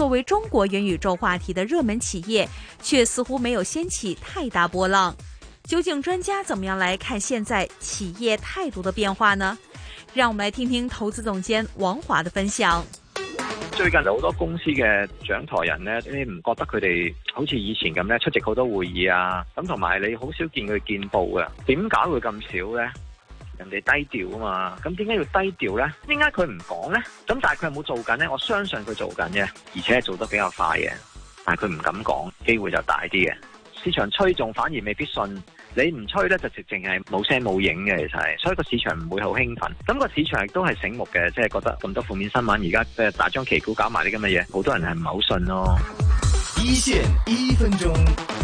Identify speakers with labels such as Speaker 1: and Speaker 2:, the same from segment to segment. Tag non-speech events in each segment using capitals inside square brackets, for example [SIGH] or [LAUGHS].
Speaker 1: 作為中國元宇宙話題的熱門企業，卻似乎沒有掀起太大波浪。究竟專家怎麼樣來看現在企業態度的變化呢？讓我們來聽聽投資總監王華的分享。
Speaker 2: 最近有好多公司嘅掌台人呢，你唔覺得佢哋好似以前咁咧出席好多會議啊？咁同埋你好少見佢見報嘅，點解會咁少咧？人哋低調啊嘛，咁點解要低調呢？點解佢唔講呢？咁但係佢有冇做緊呢，我相信佢做緊啫，而且係做得比較快嘅。但係佢唔敢講，機會就大啲嘅。市場吹仲反而未必信，你唔吹呢，就直情係冇聲冇影嘅，其實係。所以個市場唔會好興奮。咁個市場亦都係醒目嘅，即係覺得咁多負面新聞，而家即係大張旗鼓搞埋啲咁嘅嘢，好多人係唔係好信咯？
Speaker 3: 一線一分鐘。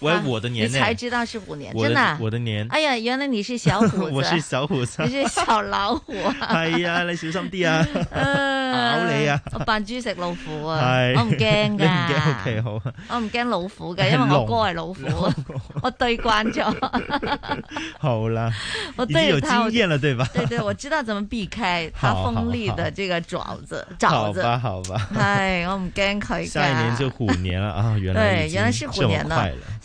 Speaker 4: 我我的年、啊，你才知
Speaker 5: 道是虎年，真的、啊，我的年。哎呀，原來你是小虎子， [LAUGHS] 我是
Speaker 4: 小虎子， [LAUGHS] 你是
Speaker 5: 小老虎。 [LAUGHS] 哎
Speaker 4: 呀，你小心啲啊！好 [LAUGHS]
Speaker 5: 你、呃、啊！我扮豬食老虎啊、哎！我唔驚噶，OK
Speaker 4: 好，
Speaker 5: 我唔驚老虎噶、哎，因為我哥係老虎，哎、我對慣咗！ [LAUGHS]
Speaker 4: [LAUGHS] [LAUGHS] 好了啦，我 [LAUGHS] 有經驗了， [LAUGHS] 對吧他？ [LAUGHS] 對對，
Speaker 5: 我知道怎麼避開它鋒利的這個爪子好好好好，爪子。好吧
Speaker 4: 好吧，係、哎、
Speaker 5: 我唔驚佢下一年就
Speaker 4: 虎年了啊！ [LAUGHS] 原來已 [LAUGHS] 對原來是虎年了。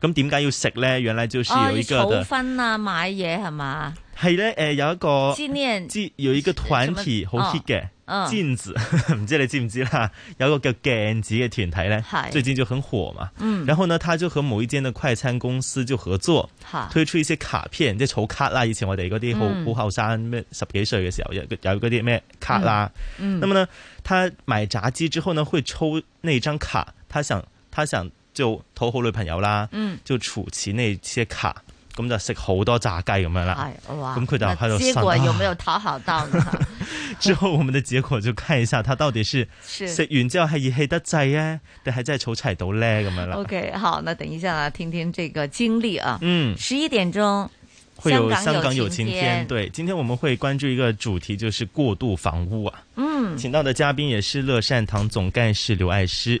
Speaker 4: 咁點解要食咧？原來就是有一個、哦、
Speaker 5: 分啊，買嘢係嘛？
Speaker 4: 係咧，誒、呃、有一個之有一個團體好 hit 嘅鏡子，唔、哦、知你知唔知啦？有一個叫鏡子嘅團體咧，最近就很火嘛。嗯，然後呢，他就和某一間的快餐公司就合作，嗯、推出一些卡片，即係儲卡啦。以前我哋嗰啲好好後生咩十幾歲嘅時候有有嗰啲咩卡啦。嗯，咁、嗯、呢，他買炸雞之後呢，會抽那張卡。他想，他想。就討好女朋友啦，嗯、就儲齊那些卡，咁、嗯、就食好多炸雞咁樣啦。係、哎、哇，咁佢就喺度。結果有沒
Speaker 5: 有討好到呢？呢、
Speaker 4: 啊、 [LAUGHS] 之後我們的結果就看一下，他到底是食完之後係熱氣得滯咧，定係真係儲齊到咧咁樣啦。OK，
Speaker 5: 好，那等一下啊聽聽這個經歷啊。嗯，十一點鐘，會有香港有情天。對，
Speaker 4: 今天我們會關注一個主題，就是過渡房屋啊。嗯，請到的嘉賓也是樂善堂總幹事劉愛詩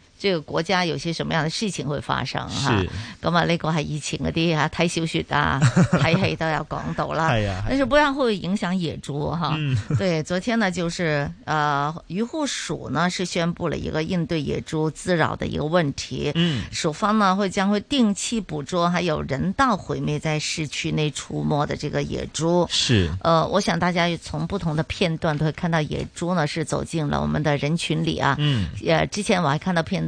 Speaker 5: 這個國家有些什麼樣的事情會發生啊？是。咁啊，呢個係以前嗰啲吓睇小說啊、太 [LAUGHS] 黑，黑都有廣到了係啊、 [LAUGHS] 哎哎。但是不然會影響野豬哈、嗯。對，昨天呢，就是呃，漁護署呢是宣布了一個應對野豬滋擾的一個問題。嗯。署方呢會將會定期捕捉，還有人道毀滅在市區內出沒的這個野豬。是。呃，我想大家從不同的片段都會看到野豬呢是走進了我們的人群裏啊。嗯。呃，之前我還看到片。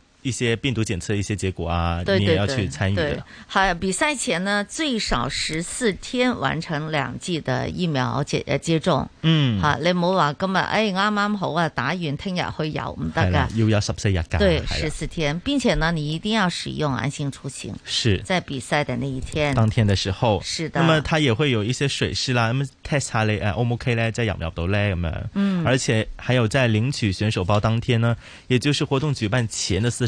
Speaker 4: 一些病毒檢測一些結果啊，對對對，你也要去參與的對對對。
Speaker 5: 對，好，比賽前呢，最少十四天完成兩劑的疫苗接接種。
Speaker 4: 嗯，哈，你
Speaker 5: 唔好話今日哎，啱啱好啊，打完聽日去遊唔得噶，
Speaker 4: 要有十四日噶。對，十四
Speaker 5: 天。並且呢，你一定要使用安心出行。是。在比賽的那一天，當
Speaker 4: 天的時候，是的。那麼它也會有一些水試啦，咁 test 查咧，哎，OK 咧，再遊唔遊到咧，咁、嗯、樣、嗯。嗯。而且還有在領取選手包當天呢，也就是活動舉辦前的四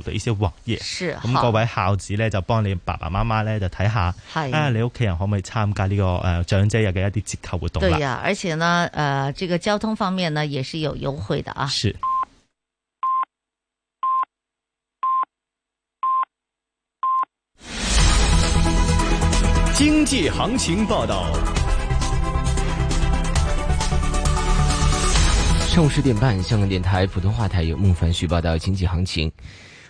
Speaker 4: 做啲一些活嘢，咁、嗯、各位孝子呢，就幫你爸爸媽媽呢，就睇下，啊，你屋企人可唔可以參加呢、這個誒、呃、長者日嘅一啲折扣活動。對啊，
Speaker 5: 而且呢，誒、呃，這個交通方面呢也是有優惠的啊。
Speaker 6: 是。
Speaker 3: 經濟行情報道上，
Speaker 7: 上午十點半，香港電台普通話台有孟凡旭報道經濟行情。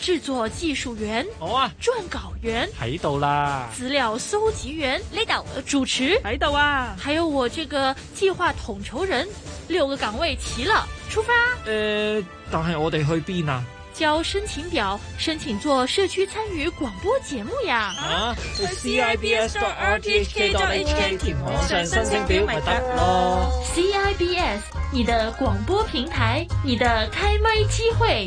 Speaker 8: 製作技術員，我啊，撰稿員
Speaker 2: 喺度啦，資
Speaker 8: 料搜集
Speaker 5: 員，leader 主持喺度啊，還有我這個計劃統籌人，六個崗位齊了，出發。呃，
Speaker 8: 但係我哋去邊啊？
Speaker 5: 交申請表，申請做社區參與廣播節目呀。啊
Speaker 8: ，CIBS.RTHK.HK 網上申請表咪得咯。
Speaker 1: CIBS，你的廣播平台，你的開麥機會。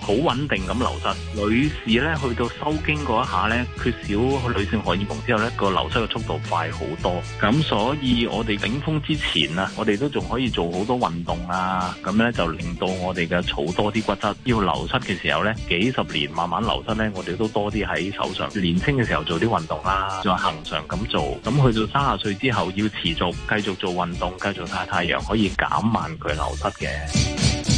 Speaker 2: 好穩定咁流失，女士咧去到收經嗰一下咧，缺少女性荷爾蒙之後咧，個流失嘅速度快好多。咁所以我哋頂峰之前啊，我哋都仲可以做好多運動啊，咁咧就令到我哋嘅儲多啲骨質。要流失嘅時候咧，幾十年慢慢流失咧，我哋都多啲喺手上。年輕嘅時候做啲運動啦、啊，就恆常咁做。咁去到三十歲之後，要持續繼續做運動，繼續曬太陽，可以減慢佢流失嘅。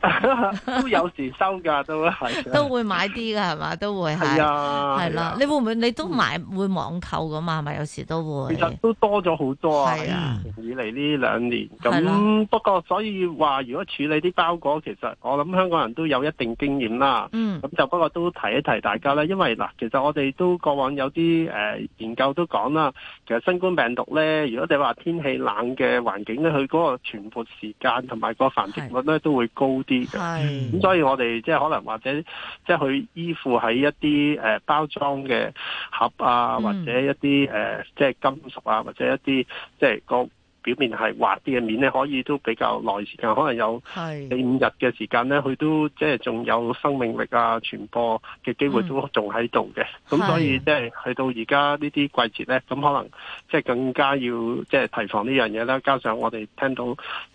Speaker 9: [LAUGHS] 都有時收噶，都係 [LAUGHS] 都
Speaker 5: 會買啲噶，係嘛，都會係係啦。你會唔會你都買、嗯、會網購噶嘛？係咪有時都會。其實都多咗好多
Speaker 9: 啊！係啊以嚟呢兩年咁、嗯啊，不過所以話如果處理啲包裹，其實我諗香港人都有一定經驗啦。嗯，咁就不過都提一提大家啦，因為嗱，其實我哋都過往有啲誒、呃、研究都講啦，其實新冠病毒呢，如果你話天氣冷嘅環境呢，佢嗰個傳播時間同埋個繁殖率呢，都會高。係，咁所以我哋即係可能或者即係去依附喺一啲誒包裝嘅盒啊，、嗯、啊，或者一啲誒即係金屬啊，或者一啲即係個表面係滑啲嘅面咧，可以都比較耐時間，可能有四五日嘅時間咧，佢都即係仲有生命力啊，傳播嘅機會都仲喺度嘅。咁、嗯、所以即係去到而家呢啲季節咧，咁可能即係更加要即係、即係、提防呢樣嘢啦。加上我哋聽到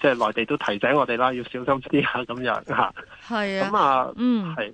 Speaker 9: 即係內地都提醒我哋啦，要小心啲啊咁樣吓，係啊，咁啊，嗯，係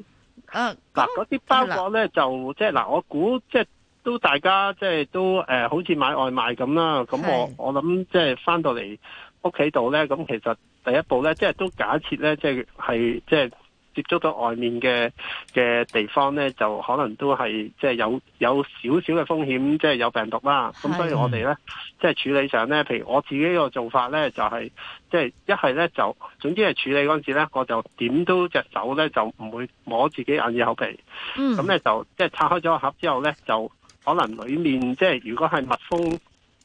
Speaker 9: 啊。嗱、啊，嗰、啊、啲包裹咧就即係嗱，我估即係。即係都大家即係都誒、呃，好似買外賣咁啦。咁我我諗即係翻到嚟屋企度咧，咁其實第一步咧，即係都假設咧，即係係即係接觸到外面嘅嘅地方咧，就可能都係即係有有少少嘅風險，即係有，有，有病毒啦。咁所以我哋咧，即係處理上咧，譬如我自己個做法咧，就係、是、即係一係咧就，總之係處理嗰陣時咧，我就點都隻手咧就唔會摸自己眼耳口鼻。咁、嗯、咧就即係拆開咗個盒之後咧就。可能裏面即係如果係密封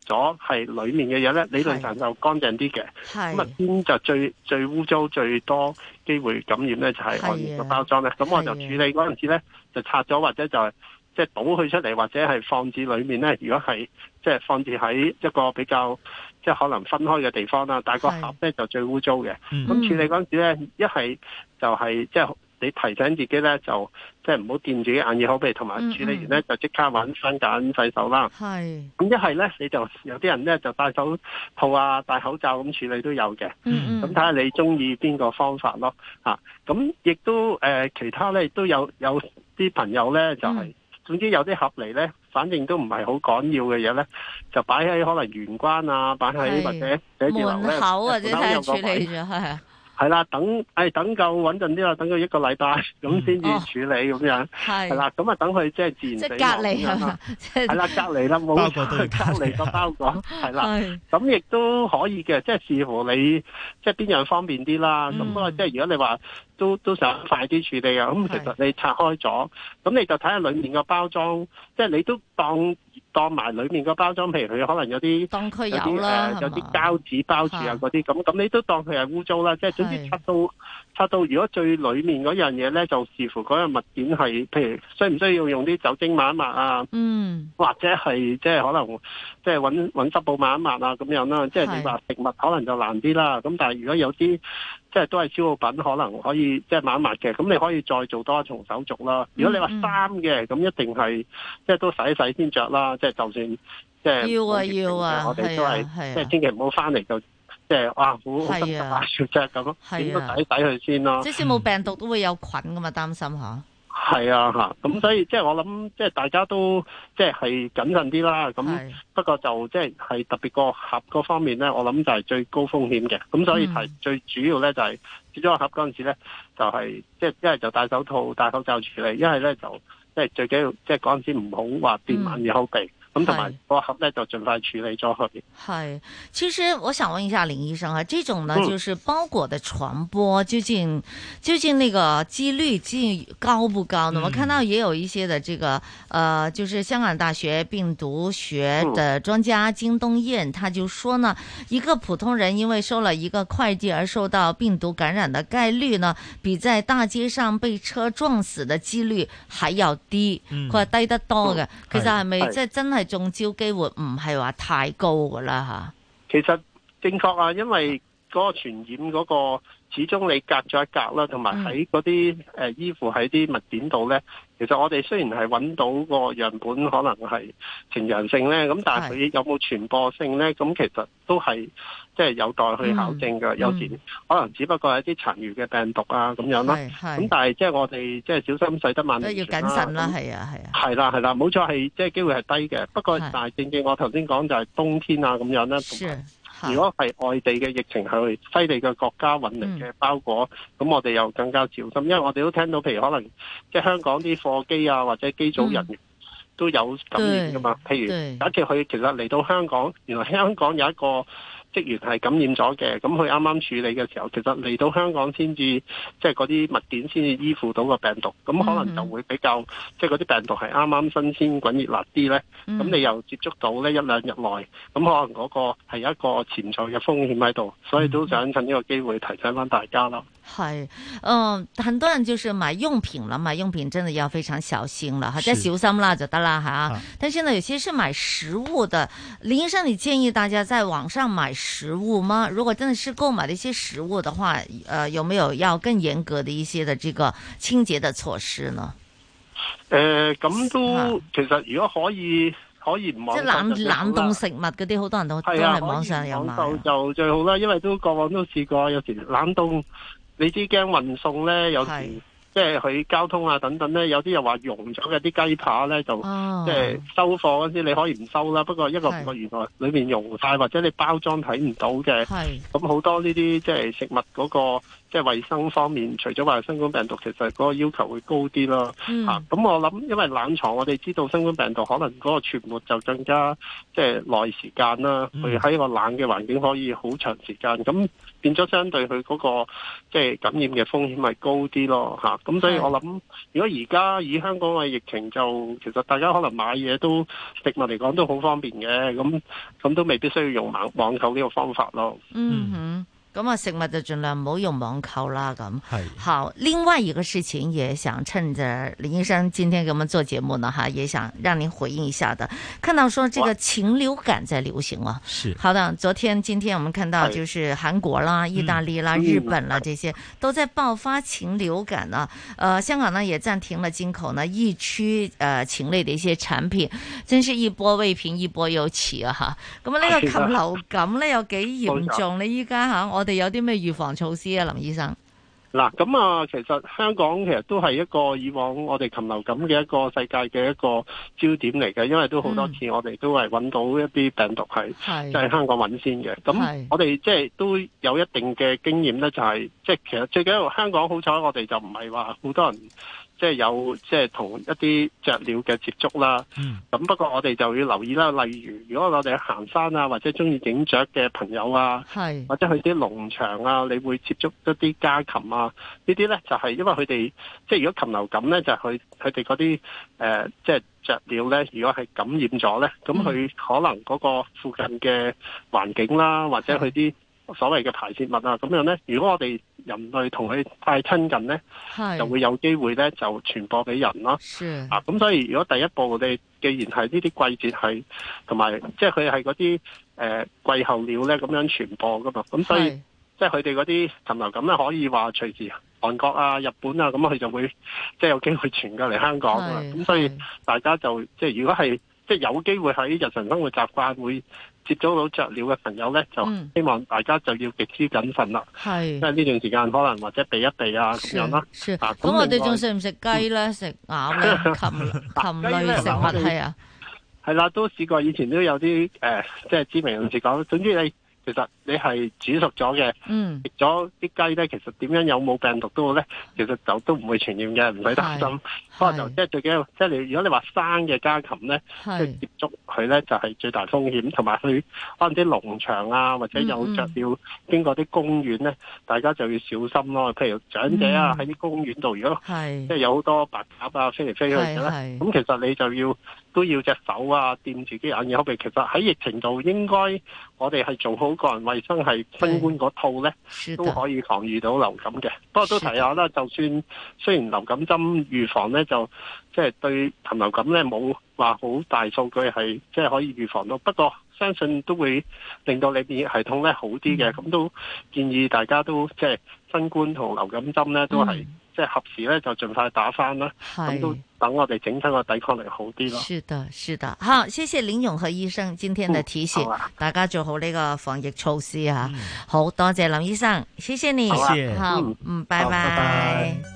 Speaker 9: 咗，係裏面嘅嘢咧，理論上就乾淨啲嘅。咁啊就最最污糟、最多機會感染咧，就係、是、個包裝咧。咁我就處理嗰陣時咧，就拆咗或者就即係、就是、倒佢出嚟，或者係放置裏面咧。如果係即係放置喺一個比較即係、就是、可能分開嘅地方啦，但係個盒咧就最污糟嘅。咁處理嗰陣時咧，一係就係即係。就是你提醒自己咧，就即係唔好掂自己眼耳口鼻，同埋處理完咧、嗯嗯、就即刻揾番梘洗手啦。係咁，一係咧，你就有啲人咧就戴手套啊、戴口罩咁處理都有嘅。咁睇下你鍾意邊個方法咯嚇。咁、啊、亦都誒、呃，其他咧都有有啲朋友咧就係、是，嗯、總之有啲盒嚟咧，反正都唔係好緊要嘅嘢咧，就擺喺可能玄關啊，擺喺或者門口或者睇下處理咗係。係啦，等，誒、哎，等夠穩陣啲啦，等佢一個禮拜咁先至處理咁、嗯哦、樣，係啦，咁啊等佢即係自然，即係隔離啊，
Speaker 6: 係啦，隔
Speaker 9: 離啦，冇去隔離個包裹，係、啊、啦，咁亦都可以嘅，即係視乎你，即係邊樣方便啲啦，咁、嗯、啊，即係如果你話都都想快啲處理啊，咁、嗯、其實你拆開咗，咁你就睇下裏面個包裝、嗯，即係你都當。當埋裏面個包裝，譬如佢可能有啲，當佢有啦，有啲、呃、膠紙包住啊嗰啲，咁咁你都當佢係污糟啦，即係總之出到。發到，如果最裏面嗰樣嘢咧，就視乎嗰樣物件係，譬如需唔需要用啲酒精抹一抹啊？嗯，或者係即係可能即係搵揾濕布抹一抹啊，咁樣啦，啊。即係你話食物可能就難啲啦。咁但係如果有啲即係都係消耗品，可能可以即係抹一抹嘅。咁你可以再做多一重手續啦。嗯、如果你話衫嘅，咁一定係即係都洗一洗先着啦。即係就算即係要啊要啊，我哋都係係即係千祈唔好翻嚟就。即係哇，好心急，發燒啫咁咯，點都抵抵佢先咯。即使冇
Speaker 5: 病毒，都會有菌噶嘛，擔心吓。
Speaker 9: 係啊，吓、嗯、咁所以即係、就是、我諗，即、就、係、是、大家都即係係謹慎啲啦。咁不過就即係、就是、特別個盒嗰方面咧，我諗就係最高風險嘅。咁所以係最主要咧就係接觸個盒嗰陣時咧，就係即係一係就戴手套、戴口罩處理，一係咧就即係、就是、最緊要即係嗰陣時唔好話掂眼口鼻。嗯咁
Speaker 6: 同埋
Speaker 5: 個盒咧就盡快處理咗佢。係，其實我想問一下林醫生啊，這種呢、嗯，就是包裹的傳播，究竟究竟那個幾率，究竟高不高呢、嗯？我看到也有一些的這個呃，就是香港大學病毒學的專家金冬雁、嗯，他就說呢，一個普通人因為收了一個快遞而受到病毒感染的概率呢，比在大街上被車撞死的幾率還要低。嗯、或話低得多嘅、嗯，其實係咪即係真係？中招機會唔係話太高噶啦嚇，
Speaker 9: 其實正確啊，因為嗰個傳染嗰個。始終你隔咗一隔啦，同埋喺嗰啲衣服喺啲物件度咧，其實我哋雖然係揾到個樣本，可能係呈陽性咧，咁但係佢有冇傳播性咧？咁其實都係即係有待去考證㗎。有時可能只不過係一啲殘餘嘅病毒啊咁樣啦。咁但係即係我哋即係小心洗得慢，駛得萬年船都要謹慎啦。係啊，係啊，係啦、啊，係啦、啊，冇、啊、錯，係即係機會係低嘅。不過但正正，我頭先講就係冬天啊咁樣啦。如果係外地嘅疫情係去西地嘅國家揾嚟嘅包裹，咁我哋又更加小心，因為我哋都聽到，譬如可能即係香港啲貨機啊，或者機組人員都有感染噶嘛。譬如假設佢其實嚟到香港，原來香港有一個。職員係感染咗嘅，咁佢啱啱處理嘅時候，其實嚟到香港先至，即係嗰啲物件先至依附到個病毒，咁可能就會比較，mm -hmm. 即係嗰啲病毒係啱啱新鮮滾熱辣啲呢。
Speaker 6: 咁你又
Speaker 9: 接觸到呢一兩日內，咁可能嗰個係有一個潛在嘅風險喺度，所以都想趁呢個機會提醒翻大家啦。
Speaker 5: 係，嗯，很多人就是買用品了，買用品真的要非常小心了，即係小心啦就得啦吓。但係現在有些是買食物的，啊，林醫生，你建議大家在網上買食物嗎？如果真的是購買的一些食物的話，誒、呃，有沒有要更嚴格的一些的這個清潔的措施呢？誒、呃，咁
Speaker 9: 都、啊、其實如果可以，可以唔好，即係冷冷凍
Speaker 5: 食物嗰啲，好多人都係、啊、網上有買，
Speaker 9: 就最好啦，因為都過往都試過，有時冷凍。你知驚運送咧，有時即係佢交通啊等等咧，有啲又話溶咗嘅啲雞扒咧，就、啊、即係收貨嗰陣時，你可以唔收啦。不過一個唔覺原來裏面溶晒，或者你包裝睇唔到嘅，咁好多呢啲即係食物嗰、那個。即係衛生方面，除咗話新冠病毒，其實嗰個要求會高啲咯。吓、嗯、咁、啊、我諗，因為冷藏，我哋知道新冠病毒可能嗰個傳播就更加即係耐時間啦。佢、嗯、喺個冷嘅環境可以好長時間，咁變咗相對佢嗰、那個即係感染嘅風險咪高啲咯。吓、啊，咁所以我諗，如果而家以香港嘅疫情就，就其實大家可能買嘢都食物嚟講都好方便嘅，咁咁都未必需要用網網購呢個方法咯。嗯哼。嗯
Speaker 5: 咁啊，食物就盡量唔好用網購啦，咁。係好，另外一個事情也想趁着林醫生今天給我們做節目呢，哈，也想讓您回應一下的。看到說這個禽流感在流行啊，是、oh. 好的。昨天、今天我們看到就是韓國啦、hey. 意大利啦、嗯、日本啦，這些都在爆發禽流感啊、嗯呃嗯。呃，香港呢也暫停了進口呢疫區呃禽類的一些產品，真是一波未平一波又起啊！哈，咁啊呢個禽流感呢有幾嚴重？呢？依家吓我。我哋有啲咩預防措施啊，林醫生？
Speaker 9: 嗱，咁啊，其實香港其實都係一個以往我哋禽流感嘅一個世界嘅一個焦點嚟嘅，因為都好多次我哋都係揾到一啲病毒係即係香港揾先嘅。咁我哋即係都有一定嘅經驗咧、就係，就係即係其實最緊要香港好彩，我哋就唔係話好多人。即係有即係同一啲雀鳥嘅接觸啦，咁，嗯，不過我哋就要留意啦。例如，如果我哋行山啊，或者中意影雀嘅朋友啊，或者去啲農場啊，你會接觸一啲家禽啊，呢啲咧就係因為佢哋即係如果禽流感咧，就佢佢哋嗰啲誒即係雀鳥咧，如果係感染咗咧，咁，嗯，佢可能嗰個附近嘅環境啦，或者佢啲。所謂嘅排泄物啊，咁樣咧，如果我哋人類同佢太親近咧，就會有機會咧就傳播俾人啦。啊，咁所以如果第一步我哋既然係呢啲季節係同埋，即係佢係嗰啲誒季候鳥咧咁樣傳播噶嘛，咁所以即係佢哋嗰啲禽流感咧可以話隨住韓國啊、日本啊咁佢就會即係有機會傳過嚟香港啊。咁所以大家就即係如果係即係有機會喺日常生活習慣會。接觸到雀鳥嘅朋友咧，就希望大家就要極之謹慎啦。係、嗯，因為呢段時間可能或者避一避啊咁樣啦。咁我哋仲食
Speaker 5: 唔食雞咧？食鴨咧？禽禽類食物係啊，
Speaker 9: 係啦、嗯 [LAUGHS] 啊啊，都試過。以前都有啲誒，即、呃、係、就是、知名人士講，總之你。其實你係煮熟咗嘅，食咗啲雞咧，其實點樣有冇病毒都好咧，其實就都唔會傳染嘅，唔使擔心。可能就即係最緊要，即係你如果你話生嘅家禽咧，即係接觸佢咧就係最大風險，同埋去可能啲農場啊或者有著要經過啲公園咧，大家就要小心咯。譬如長者啊喺啲公園度，如果即係有好多白鴿啊飛嚟飛去嘅咧，咁其實你就要。都要隻手啊，掂自己眼耳口鼻。其實喺疫情度，應該我哋係做好個人衛生，係新冠嗰套呢都可以防禦到流感嘅。不過都提下啦，就算雖然流感針預防呢，就即係、就是、對禽流感呢冇話好大數據係即係可以預防到。不過相信都會令到你免疫系統呢好啲嘅。咁、嗯、都建議大家都即係、就是、新冠同流感針呢都係。即係合時咧，就盡快打返啦。咁都等我哋整身個抵抗力好啲咯。是
Speaker 5: 的，是的。好，謝謝林永和醫生今天的提醒，嗯啊，大家做好呢個防疫措施啊。嗯、好多謝林醫生，謝謝你。好，啊好，嗯，拜拜。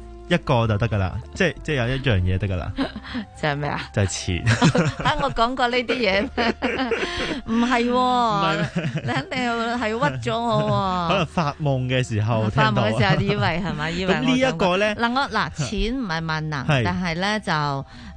Speaker 4: 一個就得噶啦，即係即係有一樣嘢得噶啦，
Speaker 5: 就係咩啊？
Speaker 4: 就係錢。
Speaker 5: 啊， [LAUGHS] [LAUGHS] 我講過呢啲嘢，唔係，你肯定係屈咗我。 [LAUGHS] 可能
Speaker 4: 發夢嘅時候聽到。發夢嘅時候以
Speaker 5: 為係咪？ [LAUGHS] 以為這個呢一個咧嗱，我嗱錢唔係萬能， [LAUGHS] 是但係咧就。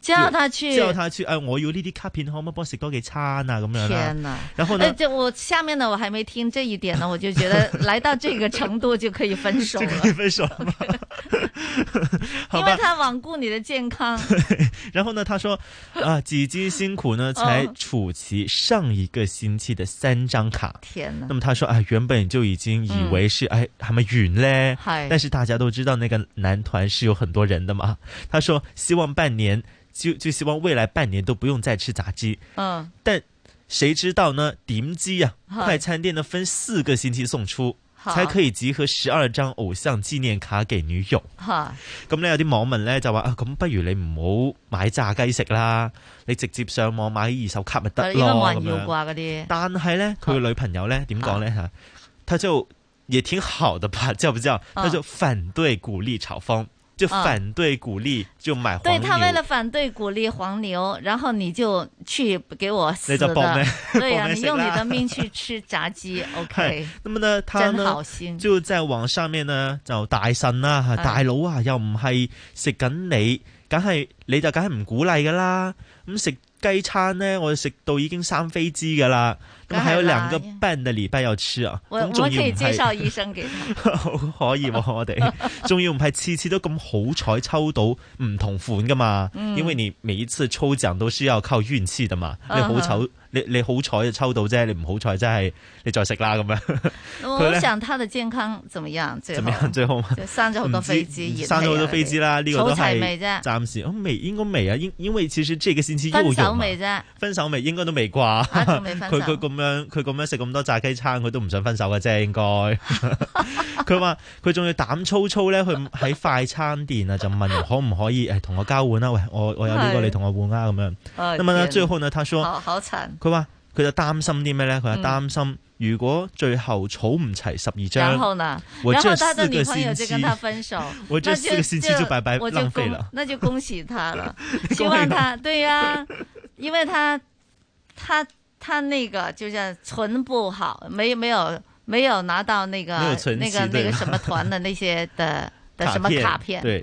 Speaker 4: 叫他去，叫他去。哎，我有地呢啲卡片，可唔可以幫我食多幾餐啊？咁樣。天哪！然後呢，呃、
Speaker 5: 就我下面呢，我還沒聽這一點呢，我就覺得來到這個程度就可以分手了， [LAUGHS] 可以
Speaker 4: 分手嗎？Okay. [LAUGHS] [LAUGHS] 因為他
Speaker 5: 罔顧你的健康， [LAUGHS] 的健康對。
Speaker 4: 然後呢，他說啊，幾經辛苦呢，才儲齊上一個星期的三張卡。天哪！那麼他說啊，原本就已經以為是、嗯、哎，還沒完咧。但是大家都知道那個男團是有很多人的嘛。他說希望半年。就就希望未來半年都不用再吃炸雞。嗯，但誰知道呢？點知啊，
Speaker 6: 快
Speaker 4: 餐店呢，分四個星期送出，才可以集合十二張偶像紀念卡給女友。哈，咁、嗯、呢，有啲網民咧就話，咁、啊、不如你唔好買炸雞食啦，你直接上網買二手卡咪得咯。咁樣，但係咧，佢嘅女朋友咧點講咧吓？他就也挺好嘅吧，知道不知道？他就反對、嗯、鼓勵炒風。就反對鼓勵、哦、就買黃牛對他為了
Speaker 5: 反對鼓勵黃牛，然後你就去給我死你就，對呀、啊，你用你的命去吃炸雞 [LAUGHS] ，OK，咁啊呢，他呢真好
Speaker 4: 心，就在網上面呢就大神啦、啊，大佬啊，又唔係食緊你，梗係你就梗係唔鼓勵噶啦，咁、嗯、食雞餐呢，我就食到已經生痱滋噶啦。咁還有兩個半的禮拜要吃啊！我我可以介紹醫生給你。 [LAUGHS] 可以嗎， [LAUGHS] [LAUGHS] 終於我哋仲要唔係次次都咁好彩抽到唔同款噶嘛、嗯？因為你每一次抽獎都是要靠運氣的嘛，你好醜。你，你好彩就抽到啫，你唔好彩真係你再食啦咁樣。
Speaker 5: 我 [LAUGHS] 他想他的健康怎麼樣？怎麼樣最好？生咗好多痱滋，生咗好多痱滋啦，呢、這個都係
Speaker 4: 暫時，未、啊、應該未啊，因為因為其實這個先期又分手未啫？分手未應該都未啩。
Speaker 5: 佢佢
Speaker 4: 咁樣佢咁樣食咁多炸雞餐，佢都唔想分手嘅啫，應該。佢話佢仲要膽粗粗咧，佢喺快餐店啊，就問可唔可以同、 [LAUGHS] 哎、我交換啊？喂，我我有呢、這個，你同我換啊？咁樣。咁、哦、啊，最後呢，他說。好慘。佢話：佢就擔心啲咩咧？佢就擔心如果最後儲唔齊十二張、嗯，然後呢？然後他的女朋友就跟他
Speaker 5: 分手， [LAUGHS] 我就四個星期就白白浪費了 [LAUGHS] 我。那就恭喜他了， [LAUGHS] 他希望他對呀、啊， [LAUGHS] 因為他他他那個就像存不好，沒沒有沒有拿到那個那個那個什麼團的那些的的 [LAUGHS] 什麼卡片。對。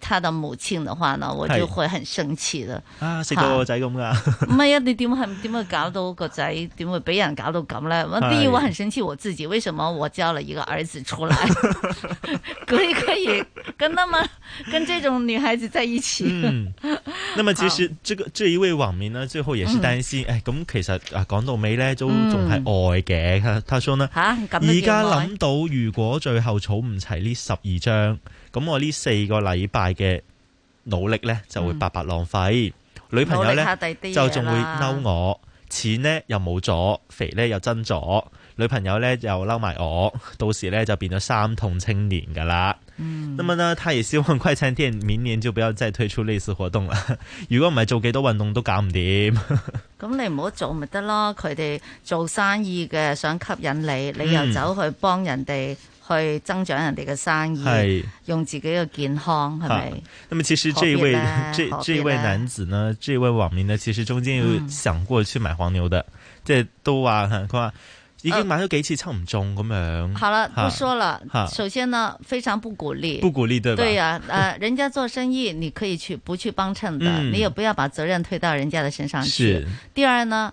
Speaker 5: 他的母親的話呢，我就會很生氣的
Speaker 4: 啊，食到我個仔咁噶？
Speaker 5: 唔係啊， [LAUGHS] 你點係點會搞到個仔？點會俾人搞到咁咧？我第一，我很生氣我自己，為什麼我教了一個兒子出來， [LAUGHS] [LAUGHS] 可以可以跟那麼跟這種女孩子在一起？嗯，
Speaker 4: [LAUGHS] 那麼其實這個這一位網民呢，最後也是擔心。誒、嗯，咁、哎、其實啊，講到尾呢，都仲係愛嘅。他、嗯、他說啦，吓、啊，而家諗到、啊、如果最後儲唔齊呢十二張。咁我呢四個禮拜嘅努力呢，就會白白浪費。女朋友呢，就仲會嬲我，錢呢，又冇咗，肥呢，又增咗，女朋友呢，又嬲埋我，到時呢，就變咗三痛青年噶啦。嗯，咁樣呢，佢亦希望快餐店明年就唔好再推出類似活動啦。如果唔係做幾多運動都搞唔掂。
Speaker 5: 咁你唔好做咪得咯。佢哋做生意嘅想吸引你，你又走去幫人哋。去增長人哋嘅生意、哎，用自己嘅健康係咪？咁其實這一位、這、這一位男
Speaker 4: 子呢，這位網民呢，其實中間有想過去買黃牛的，即都話已經買咗幾次抽唔中咁樣、呃。好了，不說了、啊。首
Speaker 5: 先呢，非常不鼓勵，不鼓
Speaker 4: 勵對不對？對啊，啊、
Speaker 5: 呃， [LAUGHS] 人家做生意你可以去不去幫襯的、嗯，你也不要把責任推到人家的身上去。第二呢？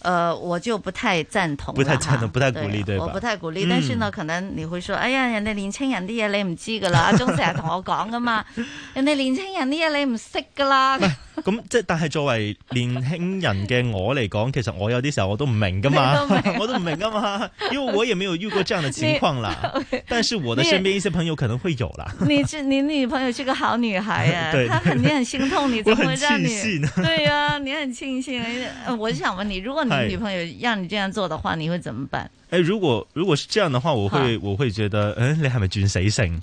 Speaker 5: 誒、呃，我就不太贊同，不太贊、啊、我不太鼓勵。但是呢、嗯，可能你會說，哎呀，人哋年青人啲嘢你唔知噶啦，阿中成日同我講噶嘛， [LAUGHS] 人哋年青人啲嘢你唔識噶啦。哎
Speaker 4: 咁即但係作為年輕人嘅我嚟講，其實我有啲時候我都唔明噶嘛，都 [LAUGHS] 我都唔明噶嘛，
Speaker 5: 因為我亦沒有遇過這樣嘅情況啦。
Speaker 4: 但是我的身邊一些朋友可能會有啦。 [LAUGHS]
Speaker 5: 你你，你女朋友是個好女孩誒、啊，她肯定很心痛你，怎麼會讓你？對啊，你很慶幸。 [LAUGHS] 我就想問你，如果你女朋友讓你這樣做的話，你會怎麼辦？
Speaker 4: 欸、如果如果是這樣的話，我會、啊、我會覺得，欸、你係咪轉死性？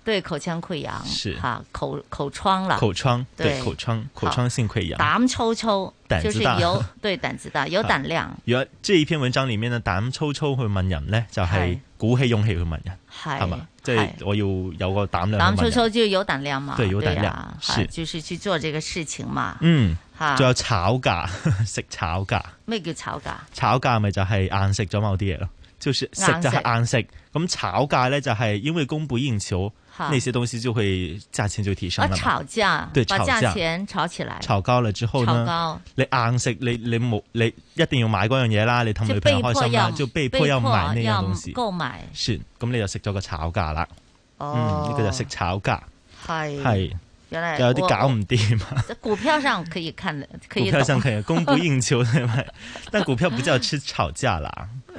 Speaker 5: 對口腔潰瘍，是哈口口瘡啦，口瘡對口
Speaker 4: 瘡，口瘡性潰瘍。膽
Speaker 5: 粗粗，就是有對膽子大，有膽量。
Speaker 4: 若即係呢篇文章裏面咧，膽粗粗去問人呢，就係、是、鼓起勇氣去問人，係嘛？即係、就是、我要有個膽量。膽粗粗，
Speaker 5: 就有膽量嘛？對，有膽量，係、啊啊，就是去做這個事情嘛。嗯，
Speaker 4: 吓、啊，仲有炒價， [LAUGHS] 食炒價。
Speaker 5: 咩叫炒價？
Speaker 4: 炒價咪就係硬食咗某啲嘢咯。就是食就係硬食，咁、嗯、炒架咧就係因為供不應求，那些東西就會價錢就提升了。啊，炒價，對，炒價，錢炒起來，炒高了之後呢，你硬食，你你冇，你一定要買嗰樣嘢啦，你氹女朋友開心啦，就被迫要，被迫要買呢樣東西，購買。算，咁你就食咗個炒價啦。哦，呢、嗯這個就食炒價，係、哦、係，原來有啲搞唔掂。在
Speaker 5: [LAUGHS] 股票上可以
Speaker 4: 看，可股票上可以供不應求， [LAUGHS] [LAUGHS] 但股票不叫吃炒價啦。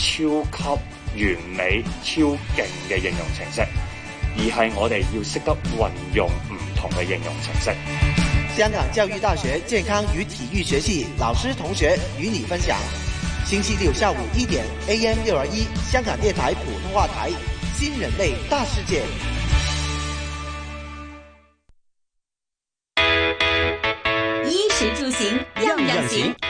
Speaker 2: 超級完美、超勁嘅應用程式，而係我哋要識得運用唔同嘅應用程式。
Speaker 3: 香港教育大學健康與體育學系老師同學與你分享，星期六下午一點 A.M. 六二一香港電台普通話台《新人類大世界》衣，衣食住
Speaker 1: 行樣樣行。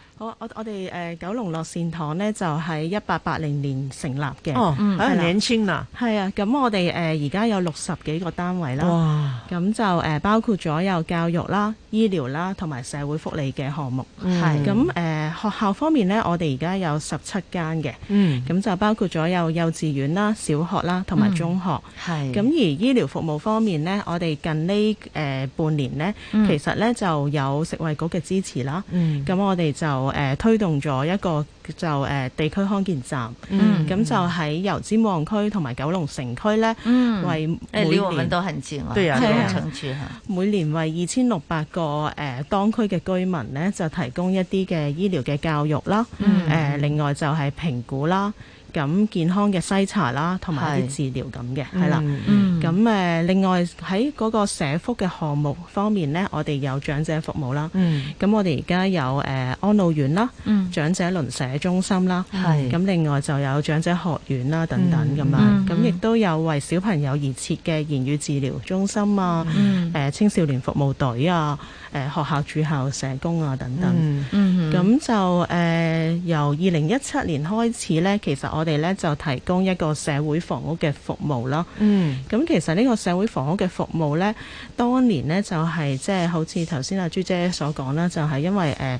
Speaker 10: 好，我我哋誒、呃、九龍樂善堂呢，就喺一八八零年成立嘅，可能兩千啦。係啊，咁我哋誒而家有六十幾個單位啦。哇！咁就誒包括咗有教育啦、醫療啦同埋社會福利嘅項目。係咁誒學校方面呢，我哋而家有十七間嘅。嗯。咁就包括咗有幼稚園啦、小學啦同埋中學。係、嗯。咁而醫療服務方面呢，我哋近呢誒、呃、半年呢，嗯、其實呢就有食衞局嘅支持啦。嗯。咁我哋就，誒、呃、推動咗一個就誒、呃、地區康健站，咁、嗯、就喺油尖旺區同埋九龍城區咧、嗯，為每年、哎、都恆恆對，啊對，啊對啊、每年為二千六百個誒、呃、當區嘅居民咧，就提供一啲嘅醫療嘅教育啦，誒、嗯呃、另外就係評估啦。咁健康嘅篩查啦，同埋啲治療咁嘅，係啦。咁、嗯嗯、另外喺嗰個社福嘅項目方面呢，我哋有長者服務啦。咁、嗯、我哋而家有誒安老院啦、嗯，長者鄰舍中心啦。咁另外就有長者學院啦，等等咁樣。咁亦都有為小朋友而設嘅言語治療中心啊、嗯嗯，青少年服務隊啊。誒學校住校社工啊等等，咁、嗯嗯、就誒、呃、由二零一七年開始呢。其實我哋呢就提供一個社會房屋嘅服務咯。咁、嗯、其實呢個社會房屋嘅服務呢，當年呢就係即係好似頭先阿珠姐所講啦，就係、是、因為誒。呃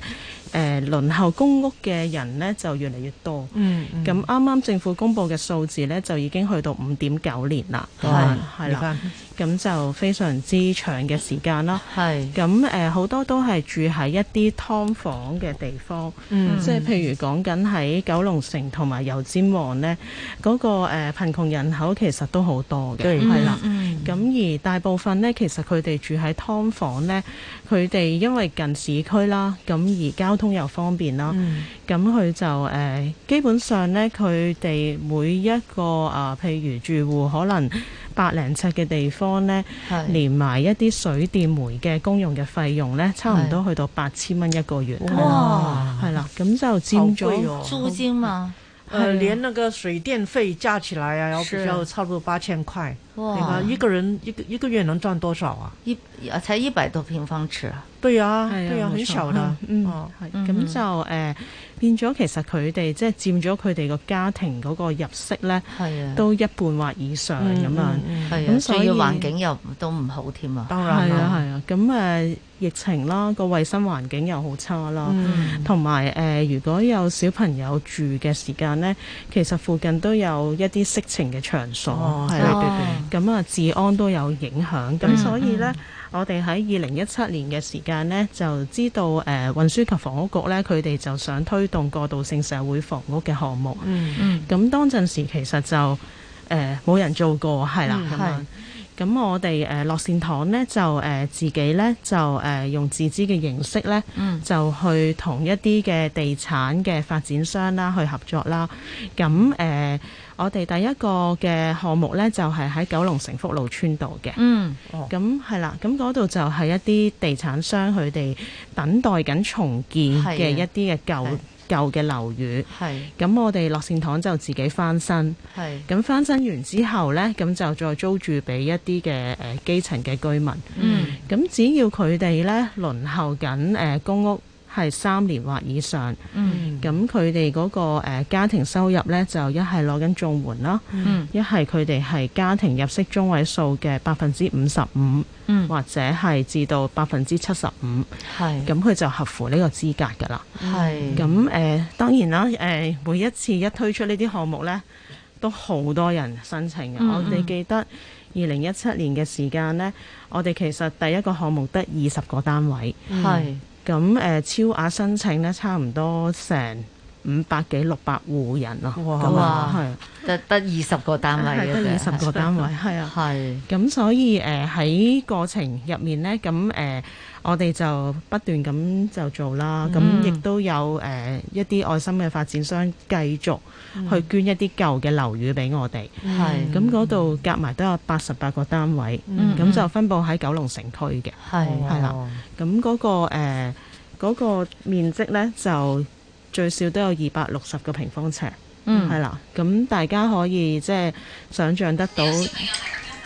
Speaker 10: 誒、呃、輪候公屋嘅人呢就越嚟越多，咁啱啱政府公布嘅數字呢，就已經去到五點九年啦，係啦，咁、嗯嗯、就非常之長嘅時間啦。係，咁誒好多都係住喺一啲劏房嘅地方，嗯、即係譬如講緊喺九龍城同埋油尖旺呢，嗰、嗰個誒、呃、貧窮人口其實都好多嘅，係啦。咁、嗯嗯、而大部分呢，其實佢哋住喺㓥房呢，佢哋因為近市區啦，咁而交通又方便啦，咁、嗯、佢就誒、呃、基本上呢，佢哋每一個啊、呃，譬如住戶可能百零尺嘅地方呢，嗯、連埋一啲水電煤嘅公用嘅費用呢，嗯、差唔多去到八千蚊一個月，哦，係啦，咁就佔咗，好貴哦。租
Speaker 8: 金
Speaker 5: 嘛，誒、呃啊，
Speaker 8: 連那個水電費加起來啊，要要差唔多八千塊。你一個人一個一個月能賺多少啊？一啊，才一百多平方尺啊？對啊，對
Speaker 10: 啊，好少啦、
Speaker 8: 嗯。哦，咁、嗯、就誒、呃、
Speaker 10: 變咗，其實佢哋即係佔咗佢哋個家庭嗰個入息咧，都一半或以上咁、嗯嗯嗯、樣。係、嗯、咁、嗯、所以環境又都唔好添啊。當然係啊，係啊。咁、嗯、誒、呃，疫情啦，個衛生環境又好差啦，同埋誒，如果有小朋友住嘅時間咧，其實附近都有一啲色情嘅場所。哦。咁啊，治安都有影響。咁所以咧、嗯嗯，我哋喺二零一七年嘅時間咧，就知道誒運輸及房屋局咧，佢哋就想推動過渡性社會房屋嘅項目。嗯嗯。咁當陣時其實就誒冇、呃、人做過，係啦咁樣咁、嗯、我哋誒樂善堂咧就誒、呃、自己咧就誒、呃、用自資嘅形式咧、嗯，就去同一啲嘅地產嘅發展商啦去合作啦。咁誒。呃我哋第一個嘅項目呢，就係、是、喺九龍城福路村度嘅。嗯，咁係啦，咁嗰度就係一啲地產商佢哋等待緊重建嘅一啲嘅舊舊嘅樓宇。係，咁我哋樂善堂就自己翻新。係，咁翻新完之後呢，咁就再租住俾一啲嘅誒基層嘅居民。嗯，咁只要佢哋呢輪候緊誒、呃、公屋。係三年或以上，咁佢哋嗰個、呃、家庭收入呢，就一係攞緊綜援啦，一係佢哋係家庭入息中位數嘅百分之五十五，或者係至到百分之七十五，咁佢就合乎呢個資格㗎啦。咁誒、呃、當然啦，誒、呃、每一次一推出呢啲項目呢，都好多人申請嘅、嗯嗯。我哋記得二零一七年嘅時間呢，我哋其實第一個項目得二十個單位，係、嗯。嗯咁誒超額申請呢，差唔多成五百幾六百戶人咯，哇，係得得二十個單位嘅？二十個單位係啊，係咁所以誒喺、呃、過程入面呢，咁、呃、誒我哋就不斷咁就做啦，咁、嗯、亦都有誒、呃、一啲愛心嘅發展商繼續去捐一啲舊嘅樓宇俾我哋，係咁嗰度夾埋都有八十八個單位，咁、嗯嗯、就分佈喺九龍城區嘅，係係啦，咁、哦、嗰、嗰個誒、呃嗰個、面積呢就。最少都有二百六十個平方尺，嗯，係啦。咁大家可以即係想像得到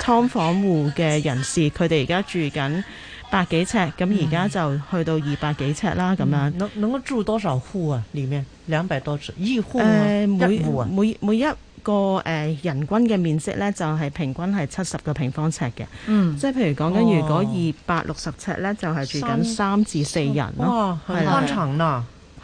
Speaker 10: 劏房戶嘅人士，佢哋而家住緊百幾尺，咁而家就去到二百幾尺啦。咁、嗯、樣能能夠住多少戶啊？裡面兩百多戶，一、啊呃、每一、啊、每，每一個誒人均嘅面積呢，就係平均係七十個平方尺嘅，嗯，即係譬如講緊如果二百六十尺呢，就係住緊三至四人咯，係啦，三層啦。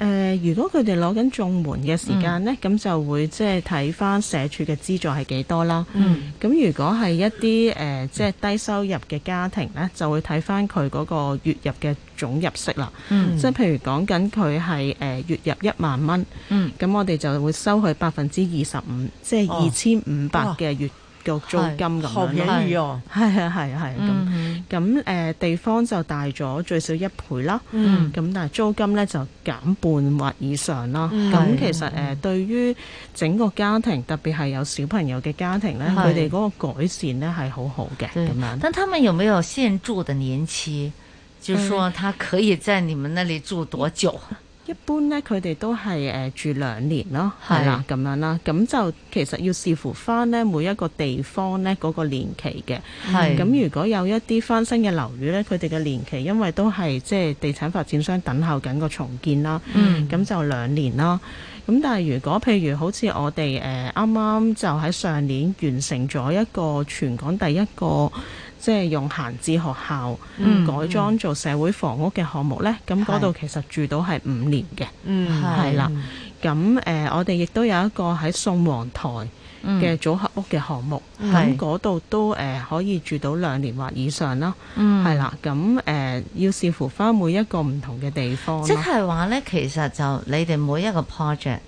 Speaker 10: 誒、呃，如果佢哋攞緊綜援嘅時間呢，咁、嗯、就會即係睇翻社署嘅資助係幾多啦。咁、嗯、如果係一啲誒，即、呃、係、就是、低收入嘅家庭呢，就會睇翻佢嗰個月入嘅總入息啦。即、嗯、係譬如講緊佢係誒月入一萬蚊，咁、嗯、我哋就會收佢百分之二十五，即係二千五百嘅月。個租金咁樣，係啊係啊係啊，咁咁誒，地方就大咗最少一倍啦。嗯，咁但係租金咧，就減半或以上啦。咁、嗯、其實誒、嗯呃，對於整個家庭，特別係有小朋友嘅家庭咧，佢哋嗰個改善咧係好好嘅。咁樣，
Speaker 5: 但他們有沒有現住的年期？就說他可以在你們那裏住多久？嗯一般咧，佢哋都係誒、呃、住兩年咯，係啦
Speaker 10: 咁樣啦。咁就其實要視乎翻咧每一個地方咧嗰、那個年期嘅。
Speaker 6: 係咁，
Speaker 10: 如果有一啲翻新嘅樓宇咧，佢哋嘅年期因為都係即係地產發展商等候緊個重建啦。嗯，咁就兩年啦。咁但係如果譬如好似我哋誒啱啱就喺上年完成咗一個全港第一個。即係用閒置學校改裝做社會房屋嘅項目呢，咁嗰度其實住到係五年嘅，係啦。咁誒、嗯呃，我哋亦都有一個喺宋皇台嘅組合屋嘅項目，咁嗰度都誒、呃、可以住到兩年或以上啦。係啦，咁誒、嗯呃、要視乎翻每一個唔
Speaker 5: 同嘅地方。即係話呢，其實就你哋每一個 project。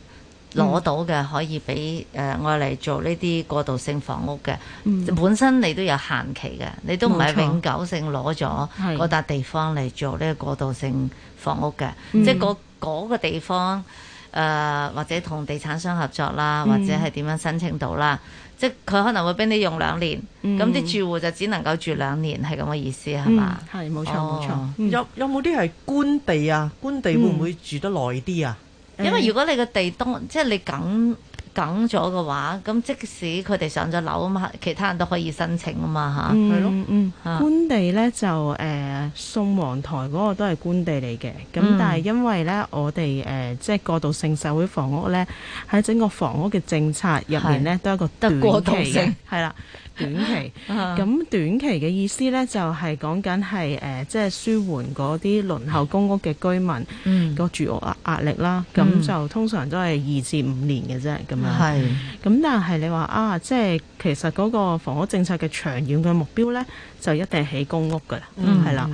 Speaker 5: 攞到嘅可以俾誒，我、呃、嚟做呢啲過渡性房屋嘅、嗯。本身你都有限期嘅，你都唔係永久性攞咗嗰笪地方嚟做呢個過渡性房屋嘅、嗯。即係嗰個地方誒、呃，或者同地產商合作啦，嗯、或者係點樣申請到啦。即係佢可能會俾你用兩年，咁、嗯、啲住戶就只能夠住兩年，係咁嘅意思係嘛？係冇錯冇錯。哦冇錯嗯、有有冇啲係官地啊？官地會唔會住得耐啲啊？因為如果你個地當即係你梗梗咗嘅話，咁即使佢哋上咗樓啊嘛，其他人都可以申請嘛啊嘛嚇。
Speaker 10: 嗯嗯，
Speaker 11: 官
Speaker 10: 地咧就誒、呃，宋皇台嗰個都係官地嚟嘅。咁、嗯、但係因為咧，我哋誒、呃、即係過渡性社會房屋咧，喺整個房屋嘅政策入面咧，是都一個短期過度性。 [LAUGHS] 係啦。短期咁短期嘅意思呢，就係講緊係誒，即、呃、係、就係、舒緩嗰啲輪候公屋嘅居民個住屋壓力啦。咁、嗯、就通常都係二至五年嘅啫，咁樣。係。咁但係你話啊，即、就、係、是、其實嗰個房屋政策嘅長遠嘅目標呢，就一定係起公屋噶、嗯、啦，係、嗯、啦。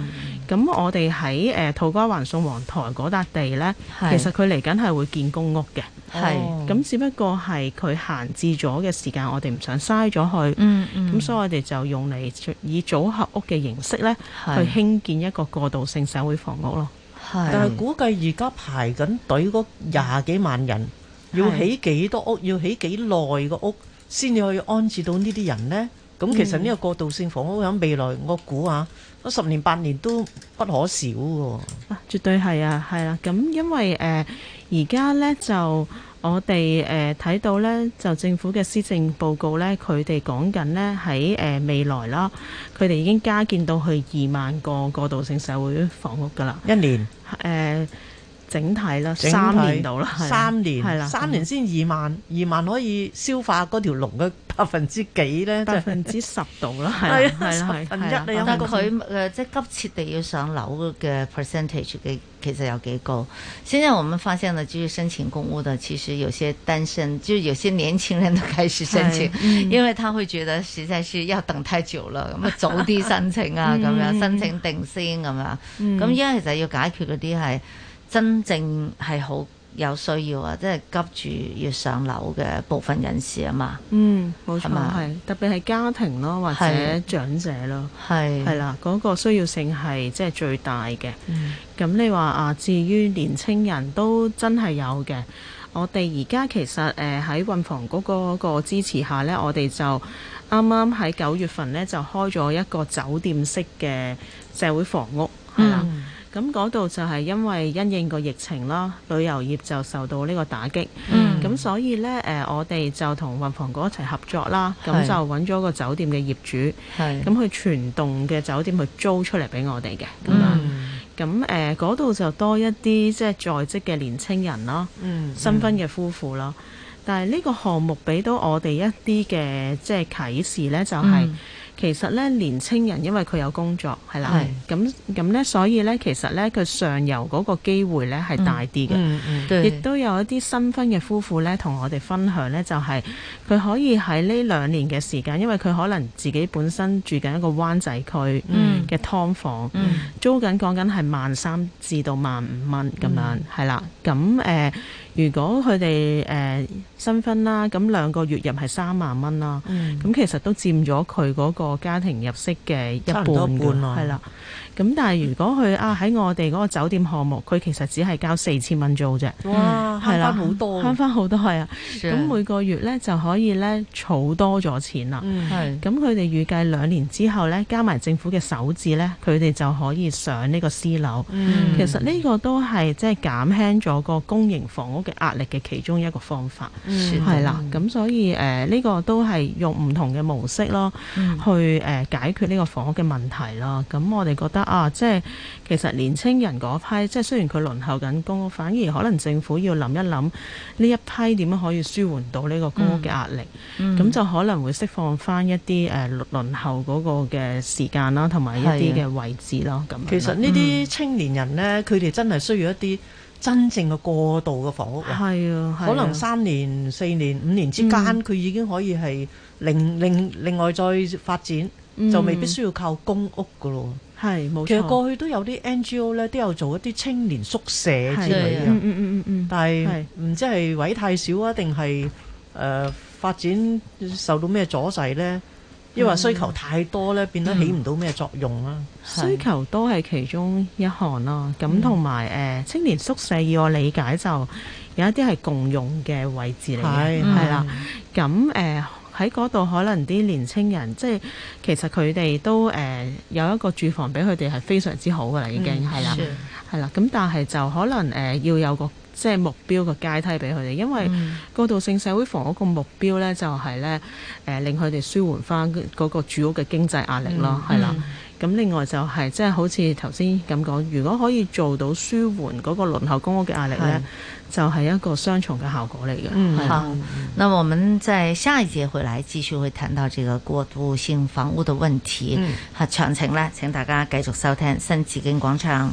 Speaker 10: 咁我哋喺誒土瓜灣宋皇台嗰笪地咧，其實佢嚟緊係會建公屋嘅，係咁只不過係佢閒置咗嘅時間，我哋唔想嘥咗佢，嗯嗯，咁所以我哋就用嚟以組合屋嘅形式咧，去興建一個過渡性社會房屋咯。
Speaker 6: 係，但係估
Speaker 8: 計而家排緊隊嗰廿幾萬人，要起幾多屋，要起幾耐個屋，先至可以安置到呢啲人咧？咁其實呢個過渡性房屋響未來，我估下。十年八年都不可少㗎喎，絕對
Speaker 10: 係啊，係啦，咁因為誒而家呢，就我哋誒睇到呢，就政府嘅施政報告呢，佢哋講緊呢，喺誒未來啦，佢哋已經加建到去二萬個過渡性社會房屋㗎啦，一年
Speaker 8: 誒。整體啦，三年到啦，三年，三年先二萬，二萬可以消化嗰條龍嘅百分之幾咧？百分之十度啦，係啦，係 [LAUGHS] 啦，係。但
Speaker 5: 佢誒即係急切地要上樓嘅 percentage 嘅，其實有幾高？先，我哋發現咗，就是申請公屋嘅，其實有些單身，就有些年輕人都開始申請、嗯，因為他會覺得實在是要等太久了，咁 [LAUGHS] 啊早啲申請啊，咁、嗯、樣申請定先咁、嗯、樣。咁依家其實要解決嗰啲係。真正係好有需要啊，即係急住要上樓嘅部分人士啊嘛。嗯，
Speaker 6: 冇錯，係
Speaker 5: 特別係家庭咯，或
Speaker 6: 者
Speaker 10: 長者咯，係係啦，嗰、嗰個需要性係即係最大嘅。咁、嗯、你話啊，至於年青人都真係有嘅。我哋而家其實誒喺、呃、運房嗰、個個支持下呢，我哋就啱啱喺九月份呢，就開咗一個酒店式嘅社會房屋係啦。嗯咁嗰度就係因為因應個疫情啦，旅遊業就受到呢個打擊。咁、嗯、所以呢，我哋就同運房局一齊合作啦，咁就揾咗個酒店嘅業主，咁佢全棟嘅酒店去租出嚟俾我哋嘅。咁嗰度就多一啲即係在職嘅年青人咯，
Speaker 6: 新婚
Speaker 10: 嘅夫婦咯、嗯。但係呢個項目俾到我哋一啲嘅即係啟示呢、就係，就、嗯、係。其實咧，年青人因為佢有工作係啦，咁咁咧，所以咧，其實咧佢上游嗰個機會咧係大啲嘅，亦、嗯嗯嗯、都有一啲新婚嘅夫婦咧，同我哋分享咧，就係、是、佢可以喺呢兩年嘅時間，因為佢可能自己本身住緊一個灣仔區嘅、嗯、劏房，嗯嗯、租緊講緊係萬三至到萬五蚊咁樣係啦，咁誒。呃如果佢哋誒新婚啦，咁兩個月入係三萬蚊啦，咁、嗯、其實都佔咗佢嗰個家庭入息嘅一半㗎，係啦。咁但係如果佢啊喺我哋嗰個酒店項目，佢其實只係交四千蚊租啫，慳翻好多，慳翻好多係啊。咁、啊、每個月咧就可以咧儲多咗錢啦。係、嗯，咁佢哋預計兩年之後咧，加埋政府嘅首置咧，佢哋就可以上呢個私樓、嗯。其實呢個都係即係減輕咗個公營房屋。壓力嘅其中一個方法，係、嗯、啦，咁、嗯、所以誒呢、呃呢個都係用唔同嘅模式咯，嗯、去誒、呃、解決呢個房屋嘅問題咯。咁我哋覺得啊，即係其實年青人嗰批，即係雖然佢輪候緊公屋，反而可能政府要諗一諗呢一批點樣可以舒緩到呢個公屋嘅壓力，咁、嗯嗯、就可能會釋放翻一啲誒、呃、輪候嗰個
Speaker 8: 嘅時間啦，同埋一啲嘅位置啦。咁其實呢啲青年人呢，佢、嗯、哋真係需要一啲。真正嘅過渡嘅房屋，係啊，可能三年、四年、五年之間，佢已經可以係另另另外再發展，就未必需要靠公屋㗎咯。係，冇錯。其實過去都有啲 NGO 呢，都有做一啲青年宿舍之類嘅啊。嗯嗯嗯嗯嗯。但係唔知係位太少啊，定係誒發展受到咩阻滯呢？因為需求太多咧，變得起唔到咩作用啦、嗯。需求
Speaker 10: 多係其中一項囉。咁同埋誒青年宿舍，以我理解就有一啲係共用嘅位置嚟嘅，係啦。咁誒喺嗰度可能啲年青人，即係其實佢哋都誒有一個住房俾佢哋係非常之好嘅啦，已經係啦，係啦。咁但係就可能誒、呃、要有個。即係目標個階梯俾佢哋，因為過渡性社會房屋個目標呢，就係呢，令佢哋舒緩翻嗰個住屋嘅經濟壓力咯，係、嗯、啦。咁、嗯、另外就係、是、即係好似頭先咁講，如果可以做到舒
Speaker 5: 緩嗰個輪候公屋嘅壓力呢、嗯，就係、是、一個雙重嘅效果嚟嘅、嗯。好，那我們在下一節回來繼續會談到這個過渡性房屋嘅問題。好、嗯，詳情呢，請請大家繼續收聽新紫荊廣場。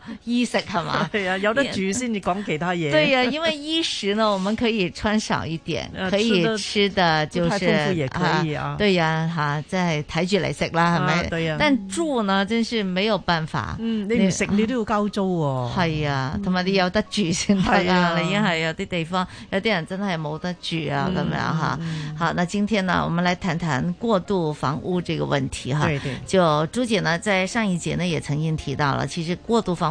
Speaker 5: 衣食係嘛，係啊，有得住先至講其他嘢。 [LAUGHS] 對啊，因為衣食呢，我們可以穿少一點， [LAUGHS] 可以吃的就是吃可以啊，啊，對呀、啊，吓、啊，即係睇住嚟食啦，係咪、啊？對啊。但住呢，真是沒有辦法。嗯，你唔食你，、啊、你都要交租喎、哦。係啊，同埋你有得住先得啊，、嗯、啊。你而家係有啲地方，有啲人真係冇得住啊，咁、嗯、樣吓、啊嗯。好。那今天呢，嗯、我們嚟談談過渡房屋這個問題哈。就朱姐呢，在上一節呢，也曾經提到了，其實過渡房。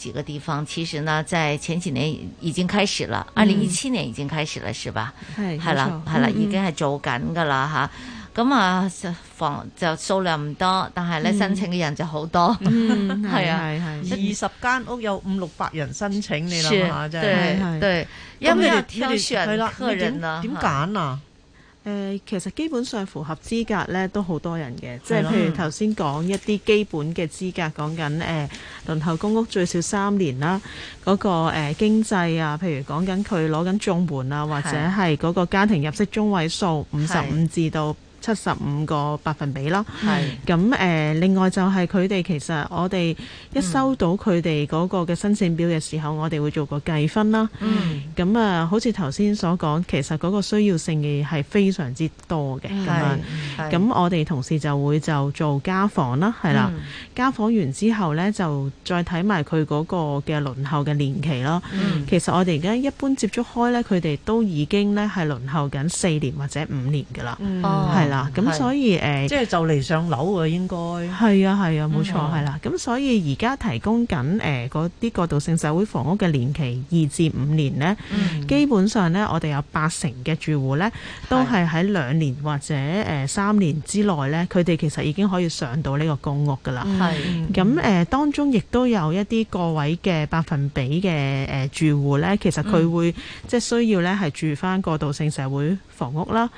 Speaker 5: 幾個地方其實呢，在前幾年已經開始了，二零一七年已經開始了，嗯、是吧？係、
Speaker 6: 嗯、係啦係啦、嗯，已經係
Speaker 5: 做緊噶啦吓。咁、嗯、啊，房就數量唔多，但係咧、嗯、申請嘅
Speaker 8: 人就好多，係、嗯、啊，係二十間屋有五六百人申請，你諗下真係，對、啊、對，咁要挑選客人啊，點揀啊？
Speaker 10: 誒、呃，其實基本上符合資格咧，都好多人嘅，即係譬如頭先講一啲基本嘅資格，講緊誒輪候公屋最少三年啦，嗰個誒、呃、經濟啊，譬如講緊佢攞緊綜援啊，或者係嗰個家庭入息中位數五十五至到七十五個百分比啦，咁誒、嗯。另外就係佢哋其實我哋一收到佢哋嗰個嘅申請表嘅時候，嗯、我哋會做個計分啦。嗯，咁、嗯、啊，好似頭先所講，其實嗰個需要性嘅係非常之多嘅咁樣，咁我哋同事就會就做家訪啦，係、嗯、啦，家訪完之後咧就再睇埋佢嗰個嘅輪候嘅年期咯、嗯。其實我哋而家一般接觸開咧，佢哋都已經咧係輪候緊四年或者五年噶、嗯、啦，係。嗱、嗯，咁所以誒，即係就嚟、是、上樓喎，應該係啊，係啊，冇錯，係、嗯、啦、啊。咁、啊、所以而家提供緊誒嗰啲過渡性社會房屋嘅年期二至五年咧、嗯，基本上咧，我哋有八成嘅住戶咧，都係喺兩年或者誒三年之內咧，佢哋其實已經可以上到呢個公屋噶啦。係咁誒，當中亦都有一啲個位嘅百分比嘅誒、呃、住戶咧，其實佢會、嗯、即係需要咧，係住翻過渡性社會。房屋啦，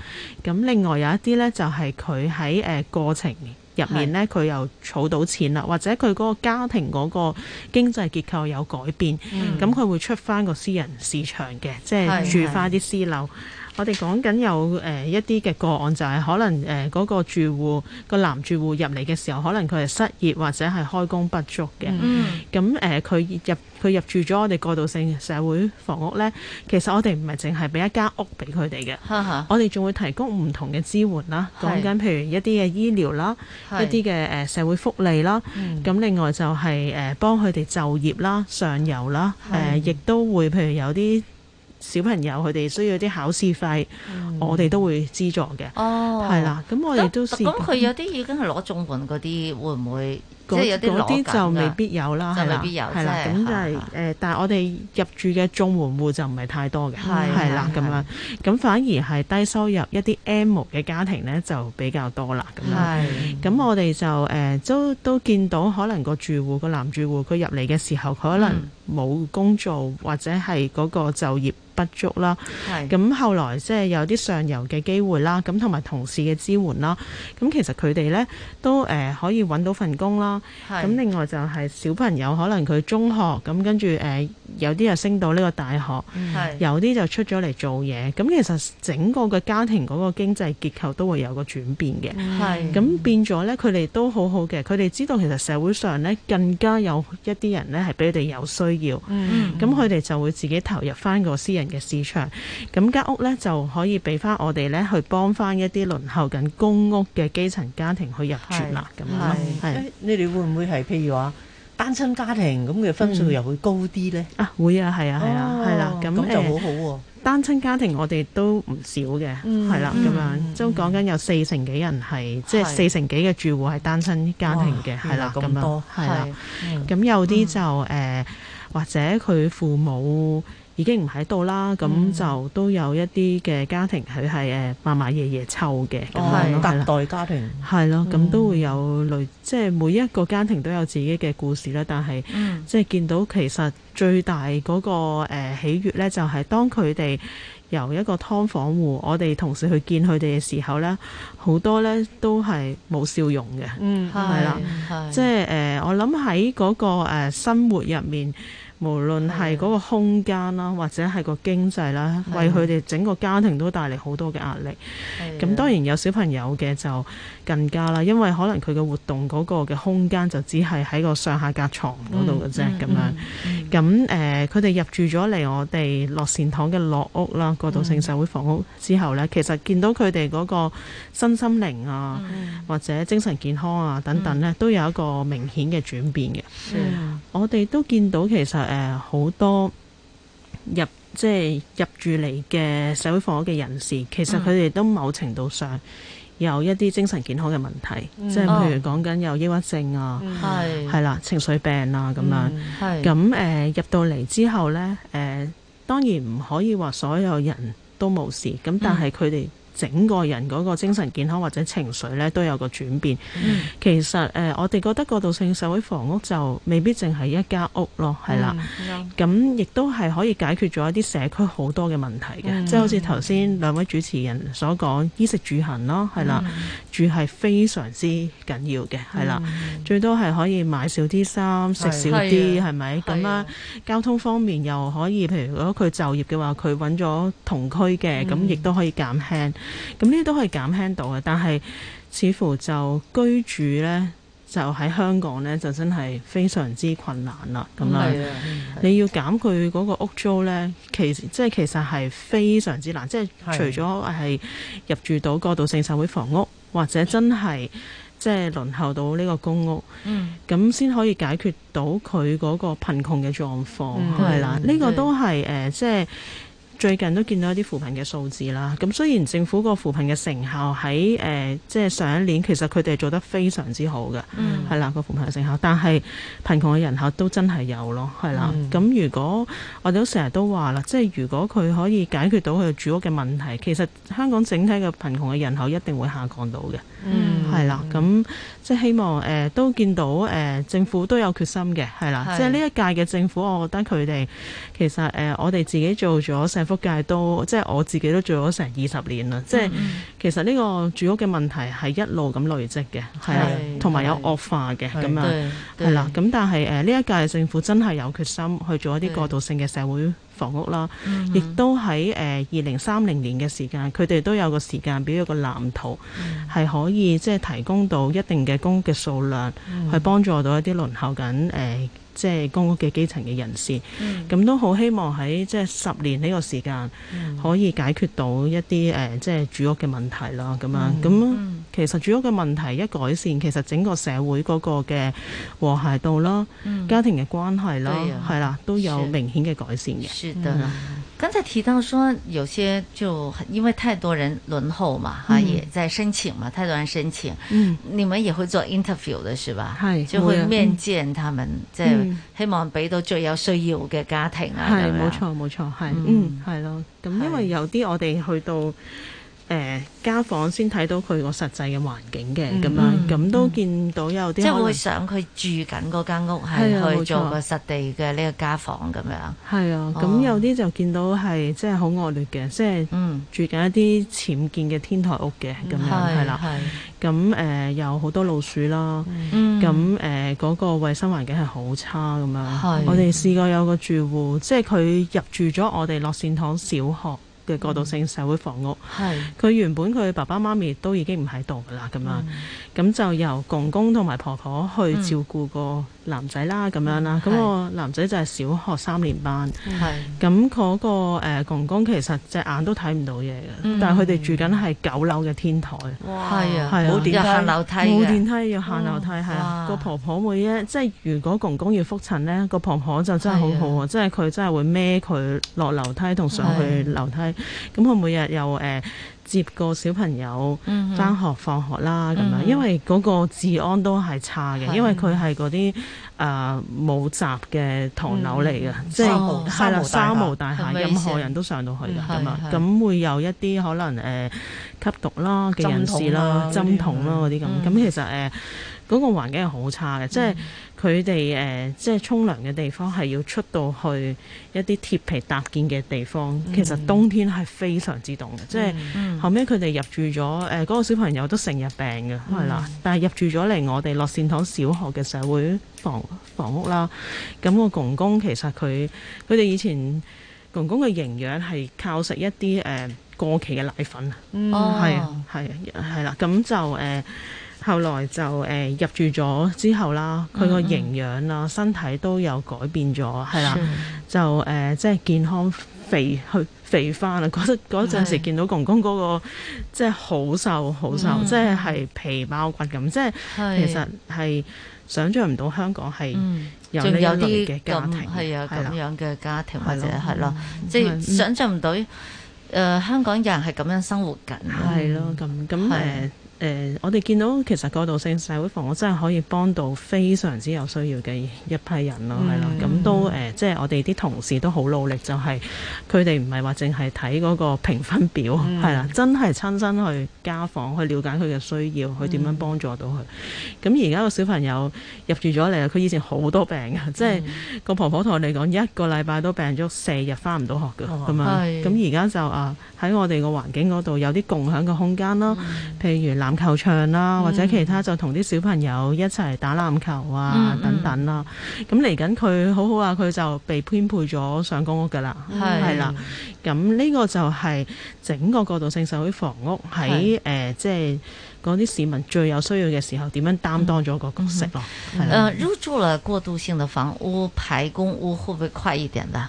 Speaker 10: 咁另外有一啲呢，就係佢喺誒過程入面呢，佢又儲到錢啦，或者佢嗰個家庭嗰個經濟結構有改變，咁、嗯、佢會出翻個私人市場嘅，即係住翻啲私樓。是是我哋講緊有誒一啲嘅個案，就係、是、可能誒嗰個住戶個男住戶入嚟嘅時候，可能佢係失業或者係開工不足嘅。嗯，咁誒佢入佢入住咗我哋過渡性社會房屋咧，其實我哋唔係淨係俾一間屋俾佢哋嘅，我哋仲會提供唔同嘅支援啦。講緊譬如一啲嘅醫療啦，一啲嘅誒社會福利啦，咁、嗯、另外就係誒幫佢哋就業啦、上游啦、呃，亦都會譬如有啲，小朋友佢哋需要啲考試費，嗯、
Speaker 5: 我哋都會資助嘅。哦，係啦，咁我哋都咁佢有啲已經係攞綜援嗰啲，會唔會？那即係有啲嗰啲就未必有啦，就未必有。係啦，咁就係
Speaker 10: 誒，但係我哋入住嘅綜援戶就唔係太多嘅，係啦咁樣。咁反而係低收入一啲 M 嘅家庭咧，就比較多啦。咁樣，咁我哋就誒、呃、都都見到可能個住戶個男住戶佢入嚟嘅時候，可能冇工作、嗯、或者係嗰個就業不足啦，咁後來即係有啲上游嘅機會啦，咁同埋同事嘅支援啦，咁其實佢哋咧都誒、呃、可以揾到份工啦。咁另外就係小朋友可能佢中學，咁跟住誒、呃、有啲就升到呢個大學，有啲就出咗嚟做嘢。咁其實整個嘅家庭嗰個經濟結構都會有個轉變嘅。咁變咗咧，佢哋都好好嘅。佢哋知道其實社會上咧更加有一啲人咧係俾佢哋有需要。咁佢哋就會自己投入翻個私人。嘅市場，咁間屋咧就可以俾翻我哋咧去幫翻一啲輪候緊公屋嘅基層家庭去入住啦，咁、哎、
Speaker 8: 你哋會唔會係譬如話單親家庭咁嘅分數又會高啲咧、嗯嗯嗯？啊，會啊，係啊，
Speaker 10: 係啊，係、哦、啦，咁、啊、就好好、啊、喎。單親家庭我哋都唔少嘅，係、嗯、啦，咁、啊嗯嗯、樣都講緊有四成幾人係，即係四成幾嘅住戶係單親家庭嘅，係啦、啊，咁、啊啊、多，係啦、啊，咁、啊啊嗯嗯、有啲就、呃、或者佢父母。已經唔喺度啦，咁就都有一啲嘅家庭佢係誒嫲嫲爺爺湊嘅，係、嗯、隔代家庭。係咯，咁、嗯、都會有類，即係每一個家庭都有自己嘅故事啦。但係、嗯，即係見到其實最大嗰個喜悅呢，就係當佢哋由一個劏房戶，我哋同事去見佢哋嘅時候呢，好多呢都係冇笑容
Speaker 6: 嘅。嗯，係啦，
Speaker 10: 即係、呃、我諗喺嗰個、呃、生活入面。無論係嗰個空間啦，或者係個經濟啦，為佢哋整個家庭都帶嚟好多嘅壓力。咁當然有小朋友嘅就更加啦，因為可能佢嘅活動嗰個嘅空間就只係喺個上下格牀嗰度嘅啫咁樣。咁、嗯、誒，佢、嗯、哋、呃、入住咗嚟我哋樂善堂嘅樂屋啦，過渡性社會房屋之後呢、嗯，其實見到佢哋嗰個身心靈啊、嗯，或者精神健康啊等等呢、嗯，都有一個明顯嘅轉變嘅、嗯。我哋都見到其實。誒、呃，好多入即係入住嚟嘅社會房屋嘅人士，其實佢哋都某程度上有一啲精神健康嘅問題，即、嗯、係譬如講緊有抑鬱症啊，係、嗯、啦，情緒病啊，咁樣。咁、嗯、誒、呃，入到嚟之後咧，誒、呃，當然唔可以話所有人都冇事，咁但係佢哋。整個人嗰個精神健康或者情緒咧都有個轉變。嗯、其實、呃、我哋覺得過渡性社會房屋就未必淨係一家屋咯，係啦。咁亦都係可以解決咗一啲社區好多嘅問題嘅、嗯，即係好似頭先兩位主持人所講，衣食住行咯，係啦，嗯、住係非常之緊要嘅，係啦、嗯。最多係可以買少啲衫，食少啲，係咪咁啦？交通方面又可以，譬如如果佢就業嘅話，佢揾咗同區嘅，咁亦都可以減輕。咁呢啲都係減輕到嘅，但係似乎就居住呢，就喺香港呢，就真係非常之困難啦。咁、嗯、你要減佢嗰個屋租呢，其即係其實係非常之難，即係除咗係入住到過渡性社會房屋，或者真係即係輪候到呢個公屋，咁、嗯、先可以解決到佢嗰個貧窮嘅狀況。係、嗯、啦，呢、這個都係即係。呃即係最近都見到一啲扶貧嘅數字啦，咁雖然政府個扶貧嘅成效喺誒，即、呃、係、就是、上一年其實佢哋做得非常之好嘅，係啦個扶貧嘅成效，但係貧窮嘅人口都真係有咯，係啦。咁、嗯、如果我哋都成日都話啦，即係如果佢可以解決到佢住屋嘅問題，其實香港整體嘅貧窮嘅人口一定會下降到嘅，係啦咁。即係希望誒、呃、都見到誒、呃、政府都有決心嘅，係啦。即係呢一屆嘅政府，我覺得佢哋其實誒、呃、我哋自己做咗社福界都，都即係我自己都做咗成二十年啦、嗯。即係其實呢個住屋嘅問題係一路咁累積嘅，係同埋有惡化嘅咁啊，係啦。咁但係誒呢一屆嘅政府真係有決心去做一啲過渡性嘅社會房屋啦，亦都喺誒二零三零年嘅時間，佢哋都有個時間表，有個藍圖，係可以即係提供到一定嘅供嘅數量，去幫助到一啲輪候緊誒。呃即係公屋嘅基層嘅人士，咁、嗯、都好希望喺即係十年呢個時間、嗯，可以解決到一啲誒即係住屋嘅問題啦。咁樣咁其實住屋嘅問題一改善，其實整個社會嗰個嘅和諧度啦、嗯、家庭嘅關係啦，係啦、啊，都有
Speaker 5: 明顯嘅改善嘅。剛才提到說，有些就因為太多人輪候嘛，哈、嗯，也在申請嘛，太多人申請，嗯，你們也會做 interview 的，是吧？係，就會面見他們，即、嗯、係希望俾到最有需要嘅家庭啊，咁係，冇錯冇錯，係，嗯，係咯，咁因為有啲我哋去到。
Speaker 10: 誒、呃、家訪先睇到佢個實際嘅環境嘅咁、嗯、樣，咁都見到
Speaker 5: 有啲、嗯嗯、即係會想佢住緊嗰間屋係去做個實地嘅呢個家訪咁、啊、樣。
Speaker 10: 係啊，咁、哦、有啲就見到係即係好惡劣嘅，即、就、係、是、住緊一啲僭建嘅天台屋嘅咁、嗯、樣係啦。咁誒、呃、有好多老鼠啦，咁誒嗰個衞生環境係好差咁樣。我哋試過有個住戶，即係佢入住咗我哋樂善堂小學嘅過渡性社會房屋，係、嗯、佢原本佢爸爸媽咪都已經唔喺度噶啦，咁樣。嗯咁就由公公同埋婆婆去照顧個男仔啦，咁樣啦。咁個男仔就係小學三年班。咁、嗯、嗰、嗰個、嗰個呃、公公其實隻眼都睇唔到嘢嘅、嗯，但係佢哋住緊係九樓嘅天台。係啊，冇電梯，冇電梯要行樓梯。係啊，個婆婆每日即係如果公公要覆診咧，個婆婆就真係好好、啊、即係佢真係會孭佢落樓梯同上去樓梯。咁佢每日又接個小朋友返學、嗯、放學啦咁樣，因為嗰個治安都係差嘅，因為佢係嗰啲誒冇閘嘅唐樓嚟嘅、嗯，即係係啦，三無大廈任何人都上到去㗎咁啊，咁、嗯、會有一啲可能誒、呃、吸毒啦嘅人士啦、針筒啦嗰啲咁，咁、嗯、其實誒嗰、呃嗰個環境係好差嘅、嗯，即係。佢哋誒即係沖涼嘅地方係要出到去一啲鐵皮搭建嘅地方、嗯，其實冬天係非常之凍嘅，即係後尾佢哋入住咗誒嗰個小朋友都成日病嘅，係、嗯、啦，但係入住咗嚟我哋樂善堂小學嘅社會房房屋啦。咁、嗰個公公其實佢佢哋以前公公嘅營養係靠食一啲誒、呃、過期嘅奶粉啊，係啊係啊係啦，咁就誒。呃後來就誒、呃、入住咗之後啦，佢個營養啦、嗯、身體都有改變咗，係啦，嗯、就誒、呃、即係健康肥去肥翻啦。嗰嗰陣時見到公公嗰、嗰個即係好瘦好瘦，即係係皮包骨咁，即係、嗯、其實
Speaker 5: 係想象唔到香港係有呢類嘅家庭，係啊咁樣嘅家庭係係或者係咯，即係想象唔到誒、呃、香港有人係咁樣生
Speaker 10: 活緊，係咯咁咁誒。誒、呃，我哋見到其實過渡性社會房屋真係可以幫到非常之有需要嘅一批人咯，係、嗯、啦，咁都誒、呃，即係我哋啲同事都好努力，就係佢哋唔係話淨係睇嗰個評分表，係、嗯、啦，真係親身去家訪，去了解佢嘅需要，去點樣幫助到佢。咁而家個小朋友入住咗嚟啊，佢以前好多病嘅、嗯，即係個婆婆同我哋講，一個禮拜都病咗四日，翻唔到學㗎，咁啊，咁而家就啊，喺、呃、我哋個環境嗰度有啲共享嘅空間啦、嗯，譬如球場啦，或者其他就同啲小朋友一齊打籃球啊，嗯、等等啦。咁嚟緊佢好好啊，佢就被編配咗上公屋噶啦，係、嗯、啦。咁呢個就係整個過渡性社會房屋喺誒，即係嗰啲市民最有需要嘅時候，點樣擔當咗個
Speaker 5: 角色咯？誒、嗯嗯，入住了過渡性的房屋排公屋會唔會快一點的？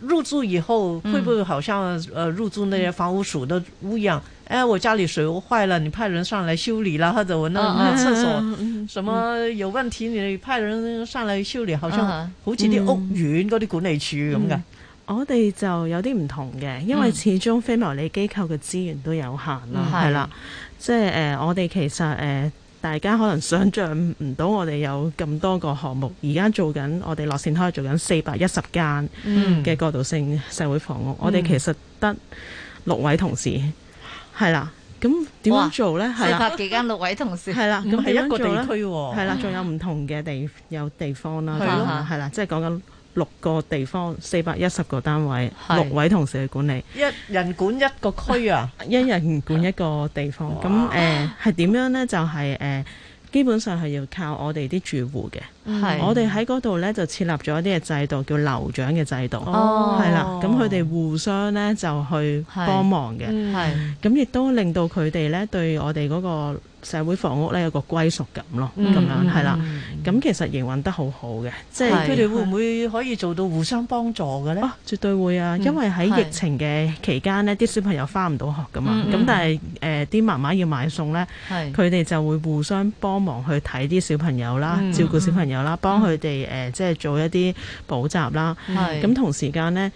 Speaker 8: 入住以後、嗯、會不會好像，誒、呃，入住那些房屋署的屋一樣？誒、嗯哎，我家裏水壺壞了，你派人上來修理啦、嗯，或者我那、嗯、廁所什麼有問題、嗯，你派人上來修理，好像好似啲屋苑嗰啲管理處咁嘅。我哋
Speaker 10: 就有啲唔同嘅，因為始終非牟利機構嘅資源都有限啦，係、嗯、啦，即係誒，我哋其實誒。呃大家可能想像唔到，我哋有咁多個項目。而家做緊，我哋樂善堂著做緊四百一十間嘅過渡性社會房屋。嗯、我哋其實得、嗯、六位同事，係啦。咁、嗯、點樣做呢？係啦，四百
Speaker 5: 幾間六位同事，係啦。咁喺一個地區喎，係啦，仲有
Speaker 10: 唔同嘅地有地方啦。係、嗯、咯，係啦，即係講緊。六個地方，四百一十個單位，六位同事去管理，
Speaker 8: 一人
Speaker 10: 管一個區啊，一人管一個地方。咁誒係點樣咧？就係、是、誒、呃、基本上係要靠我哋啲住戶嘅。
Speaker 6: 我哋
Speaker 10: 喺嗰度咧就設立咗一啲嘅制度，叫樓長嘅制度，係、哦、啦。咁佢哋互相咧就去幫忙嘅，咁亦、嗯、都令到佢哋咧對我哋嗰個社會房屋咧有個歸屬感咯，咁、嗯、樣係啦。咁其實營運得很好好嘅，即係佢哋會唔
Speaker 8: 會可以做到互相幫助嘅咧？啊，絕對會
Speaker 10: 啊！因為喺疫情嘅期間呢，啲、嗯嗯、小朋友返唔到學㗎嘛，咁、嗯、但係誒啲媽媽要買餸咧，佢哋就會互相幫忙去睇啲小朋友啦、嗯，照顧小朋友。有啦，幫佢哋即係做一啲補習啦。咁、嗯、同時間咧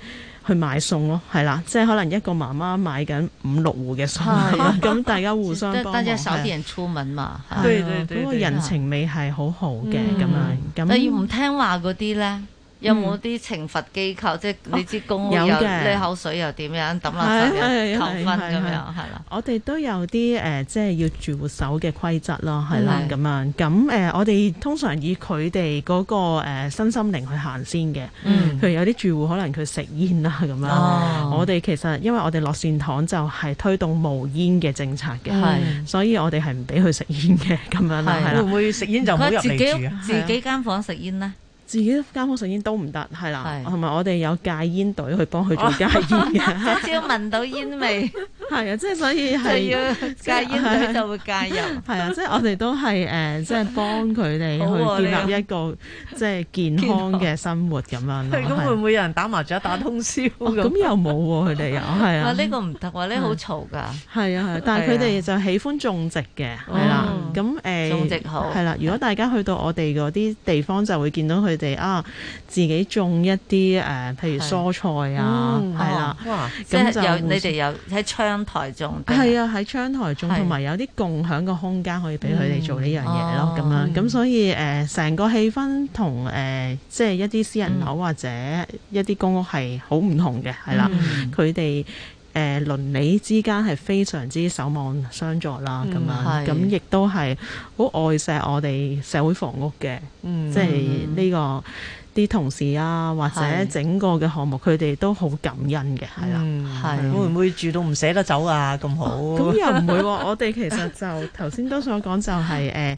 Speaker 10: 去買餸咯，係啦，即係可能一個媽媽買緊五六戶嘅餸，咁大家互相幫 [LAUGHS] 大家少啲出門嘛？嗰、啊嗰個人情味係好好嘅咁啊。咁但係唔
Speaker 5: 聽話嗰啲咧？有冇啲懲罰機構？即係你知公屋又瀨口水又點樣抌垃圾求分咁樣係
Speaker 10: 啦。我哋都有啲誒，即係要住戶守嘅規則咯，係啦咁樣。咁誒，我哋通常以佢哋嗰個身心靈去行先嘅。嗯，佢有啲住戶可能佢食煙啦咁樣。哦，我哋其實因為我哋樂善堂就係推動無煙嘅政策嘅，所以我哋係唔俾佢食煙嘅咁樣啦。係啦，會唔會食煙就唔好入嚟住自己
Speaker 5: 間房食煙咧？
Speaker 10: 自己間屋食煙都唔得，係啦，同埋我哋有戒煙隊去幫佢做戒煙，
Speaker 5: 朝聞到煙味。係啊，即係所以係介入佢就
Speaker 10: 會介入。係啊，即係我哋都係誒，即係幫佢哋去建立一個即係、啊、健康嘅生活咁樣。係咁會唔會有人打麻雀打通宵咁？又冇喎，佢哋又係啊。呢、哦啊啊啊呢
Speaker 5: 個唔得喎，呢好嘈㗎。係啊，啊，但係佢哋就
Speaker 10: 喜歡種植嘅，係啦、啊。咁、哦、誒、啊，種植好係啦、啊。如果大家去到我哋嗰啲地方，就會見到佢哋啊，啊，自己種一啲誒，譬、啊、如蔬菜啊，係啦、啊嗯啊哦啊。哇！咁就你哋有
Speaker 5: 喺窗，窗台中
Speaker 10: 係啊，喺窗台中，同埋有啲共享嘅空間可以俾佢哋做呢樣嘢咯。咁樣咁，啊、所以誒，成、呃、個氣氛同誒、呃，即係一啲私人樓或者一啲公屋係好唔同嘅，係、嗯、啦。佢哋誒鄰里之間係非常之守望相助啦。咁樣咁，亦、嗯、都係好愛錫我哋社會房屋嘅、嗯。
Speaker 6: 即係
Speaker 10: 呢、個。嗯啲同事啊，或者整個嘅項目，佢哋都好
Speaker 8: 感恩嘅，係啦、嗯，會唔會住到唔捨得走啊？咁好咁、啊、又唔會喎、啊， [LAUGHS] 我哋其實
Speaker 10: 就頭先都想講就係誒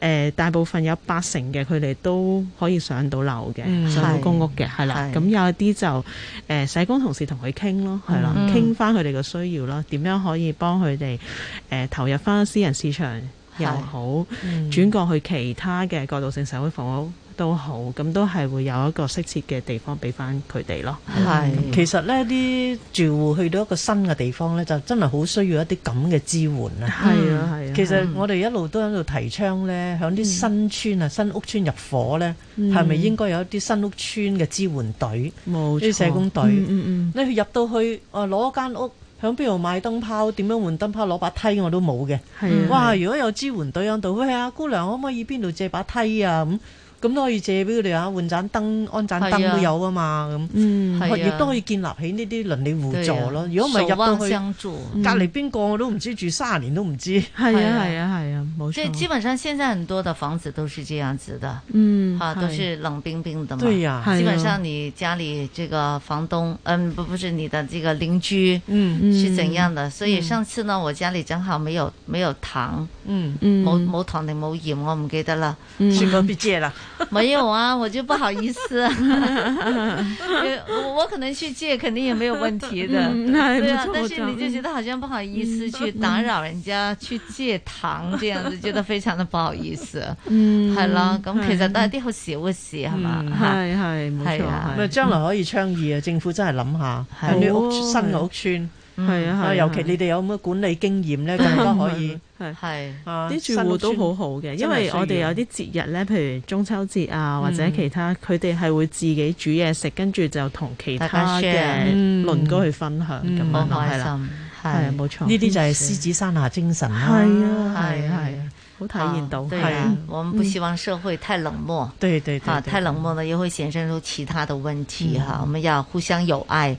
Speaker 10: 誒，大部分有八成嘅佢哋都可以上到樓嘅、嗯，上到公屋嘅，係啦。咁有一啲就誒、呃，社工同事同佢傾咯，係啦，傾翻佢哋嘅需要啦，點樣可以幫佢哋誒投入翻私人市場又好、嗯，轉過去其他嘅過渡性社會房屋，都好，
Speaker 8: 咁都係會有
Speaker 10: 一個適切嘅地方俾翻佢哋咯、嗯。其
Speaker 8: 實呢啲住戶去到一個新嘅地方呢，就真係好需要一啲咁嘅支援啊。係啊係啊，其實我哋一路都喺度提倡呢，響啲新村啊、嗯、新屋村入伙呢，係、嗯、咪應該有一啲新屋村嘅支援隊？冇、嗯、啲社工隊。嗯嗯，嗯，你入到去攞、啊、間屋，響邊度買燈泡？點樣換燈泡？攞把梯我都冇嘅。哇！如果有支援隊響度，喂、哎，姑娘可唔可以邊度借把梯啊？咁咁都可以借俾佢哋啊！換盞燈，安盞燈都有啊嘛！咁，亦都可以建立
Speaker 5: 起呢啲鄰里互助咯。如果唔係入到
Speaker 8: 去，隔籬
Speaker 5: 邊個我都唔知，住三十年都唔知。係啊，係啊，係啊，冇錯。即係基本上，現在很多嘅房子都是這樣子的，嗯，吓、啊、都是冷冰冰的嘛。對呀、啊啊啊，基本上你家裏這個房東，嗯，不，不是你的這個鄰居，嗯，是怎樣的、嗯？所以上次呢，嗯、我家裏正好，沒有沒有糖，嗯嗯，冇冇糖定冇鹽，我唔記得啦。嗯，算講借啦。嗯沒有啊，我就不好意思、啊 [LAUGHS] 我。我可能去借，肯定也沒有問題的、嗯。對啊，但是你就覺得好像不好意思去打擾人家去借糖這樣子，嗯、就覺得非常的不好意思。嗯，係啦，咁、嗯嗯、其實都係啲好事會寫係嘛？係係冇錯，將、嗯嗯、
Speaker 8: 來可以倡議啊、嗯，政府真係諗下喺你屋新嘅屋邨，係啊，尤其你哋有咁嘅管理經驗咧，更加可以
Speaker 6: [LAUGHS] 係，啲、啊、住戶都好好嘅，因為我哋有
Speaker 8: 啲節日咧，譬如中秋
Speaker 10: 節啊、嗯、或者其他，佢哋係會自己煮嘢食，跟住就同其他嘅鄰居去分享，咁、嗯、
Speaker 8: 開心，係、嗯、啦，係、嗯、啊，冇錯，呢啲就係獅子山下精神啊，係啊，係啊。好
Speaker 5: 體現到係啊。我們不希望社會太冷漠，對對對，對，太冷漠了又、嗯、會顯現出其他的問題哈、嗯。我們要互相友愛。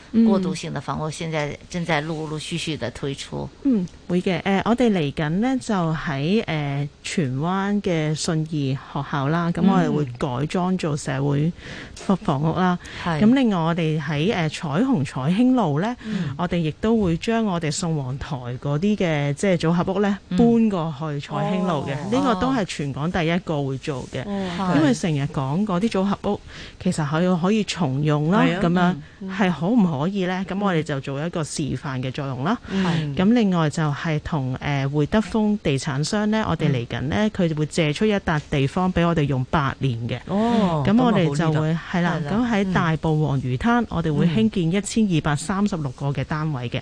Speaker 5: 嗯、過渡性的房屋現在正在陸陸續續的推出。嗯，會
Speaker 10: 嘅。誒、呃，我哋嚟緊咧，就喺誒、呃、荃灣嘅信義學校啦，咁我哋會改裝做社會房屋啦。係、嗯。咁、嗯、另外我哋喺誒彩虹彩興路咧、嗯，我哋亦都會將我哋送往台嗰啲嘅即係組合屋咧、嗯、搬過去彩興路嘅。呢、哦這個都係全港第一個會做嘅、哦。因為成日講嗰啲組合屋，其實可以可以重用啦，咁樣係、嗯、好唔好？可以呢，咁我哋就做一個示範嘅作用啦。咁、嗯、另外就係同誒匯德豐地產商呢，我哋嚟緊呢，佢就會借出一笪地方俾我哋用八年嘅。哦，咁我哋就會係啦。咁、哦、喺大埔黃魚灘，嗯、我哋會興建一千二百三十六個嘅單位嘅。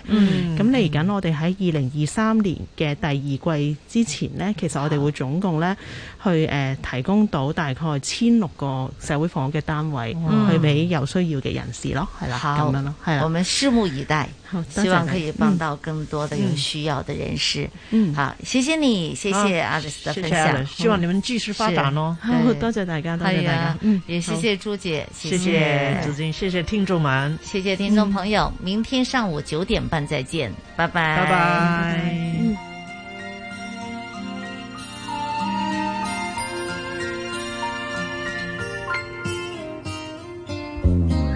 Speaker 10: 咁嚟緊，我哋喺二零二三年嘅第二季之前呢，嗯嗯、其實我哋會總共呢，去誒，呃、提供到大概千六個社會房屋嘅單位，去俾有需要嘅人士咯，係、嗯、啦，咁
Speaker 6: 樣咯，係啦。我
Speaker 5: 們拭目以待，
Speaker 6: 謝謝，希望可以幫到更多嘅有
Speaker 5: 需要嘅人士嗯。嗯，好，謝謝你、嗯，謝謝阿里斯嘅分享。啊謝謝嗯、希望你們繼續發展咯
Speaker 8: 好。多謝大家，多謝大家，哎嗯、也謝謝朱姐，謝謝子
Speaker 5: 矜，謝謝聽眾們、嗯，謝謝聽眾朋友、嗯。明天上午九點半再見，拜拜，拜拜。拜拜嗯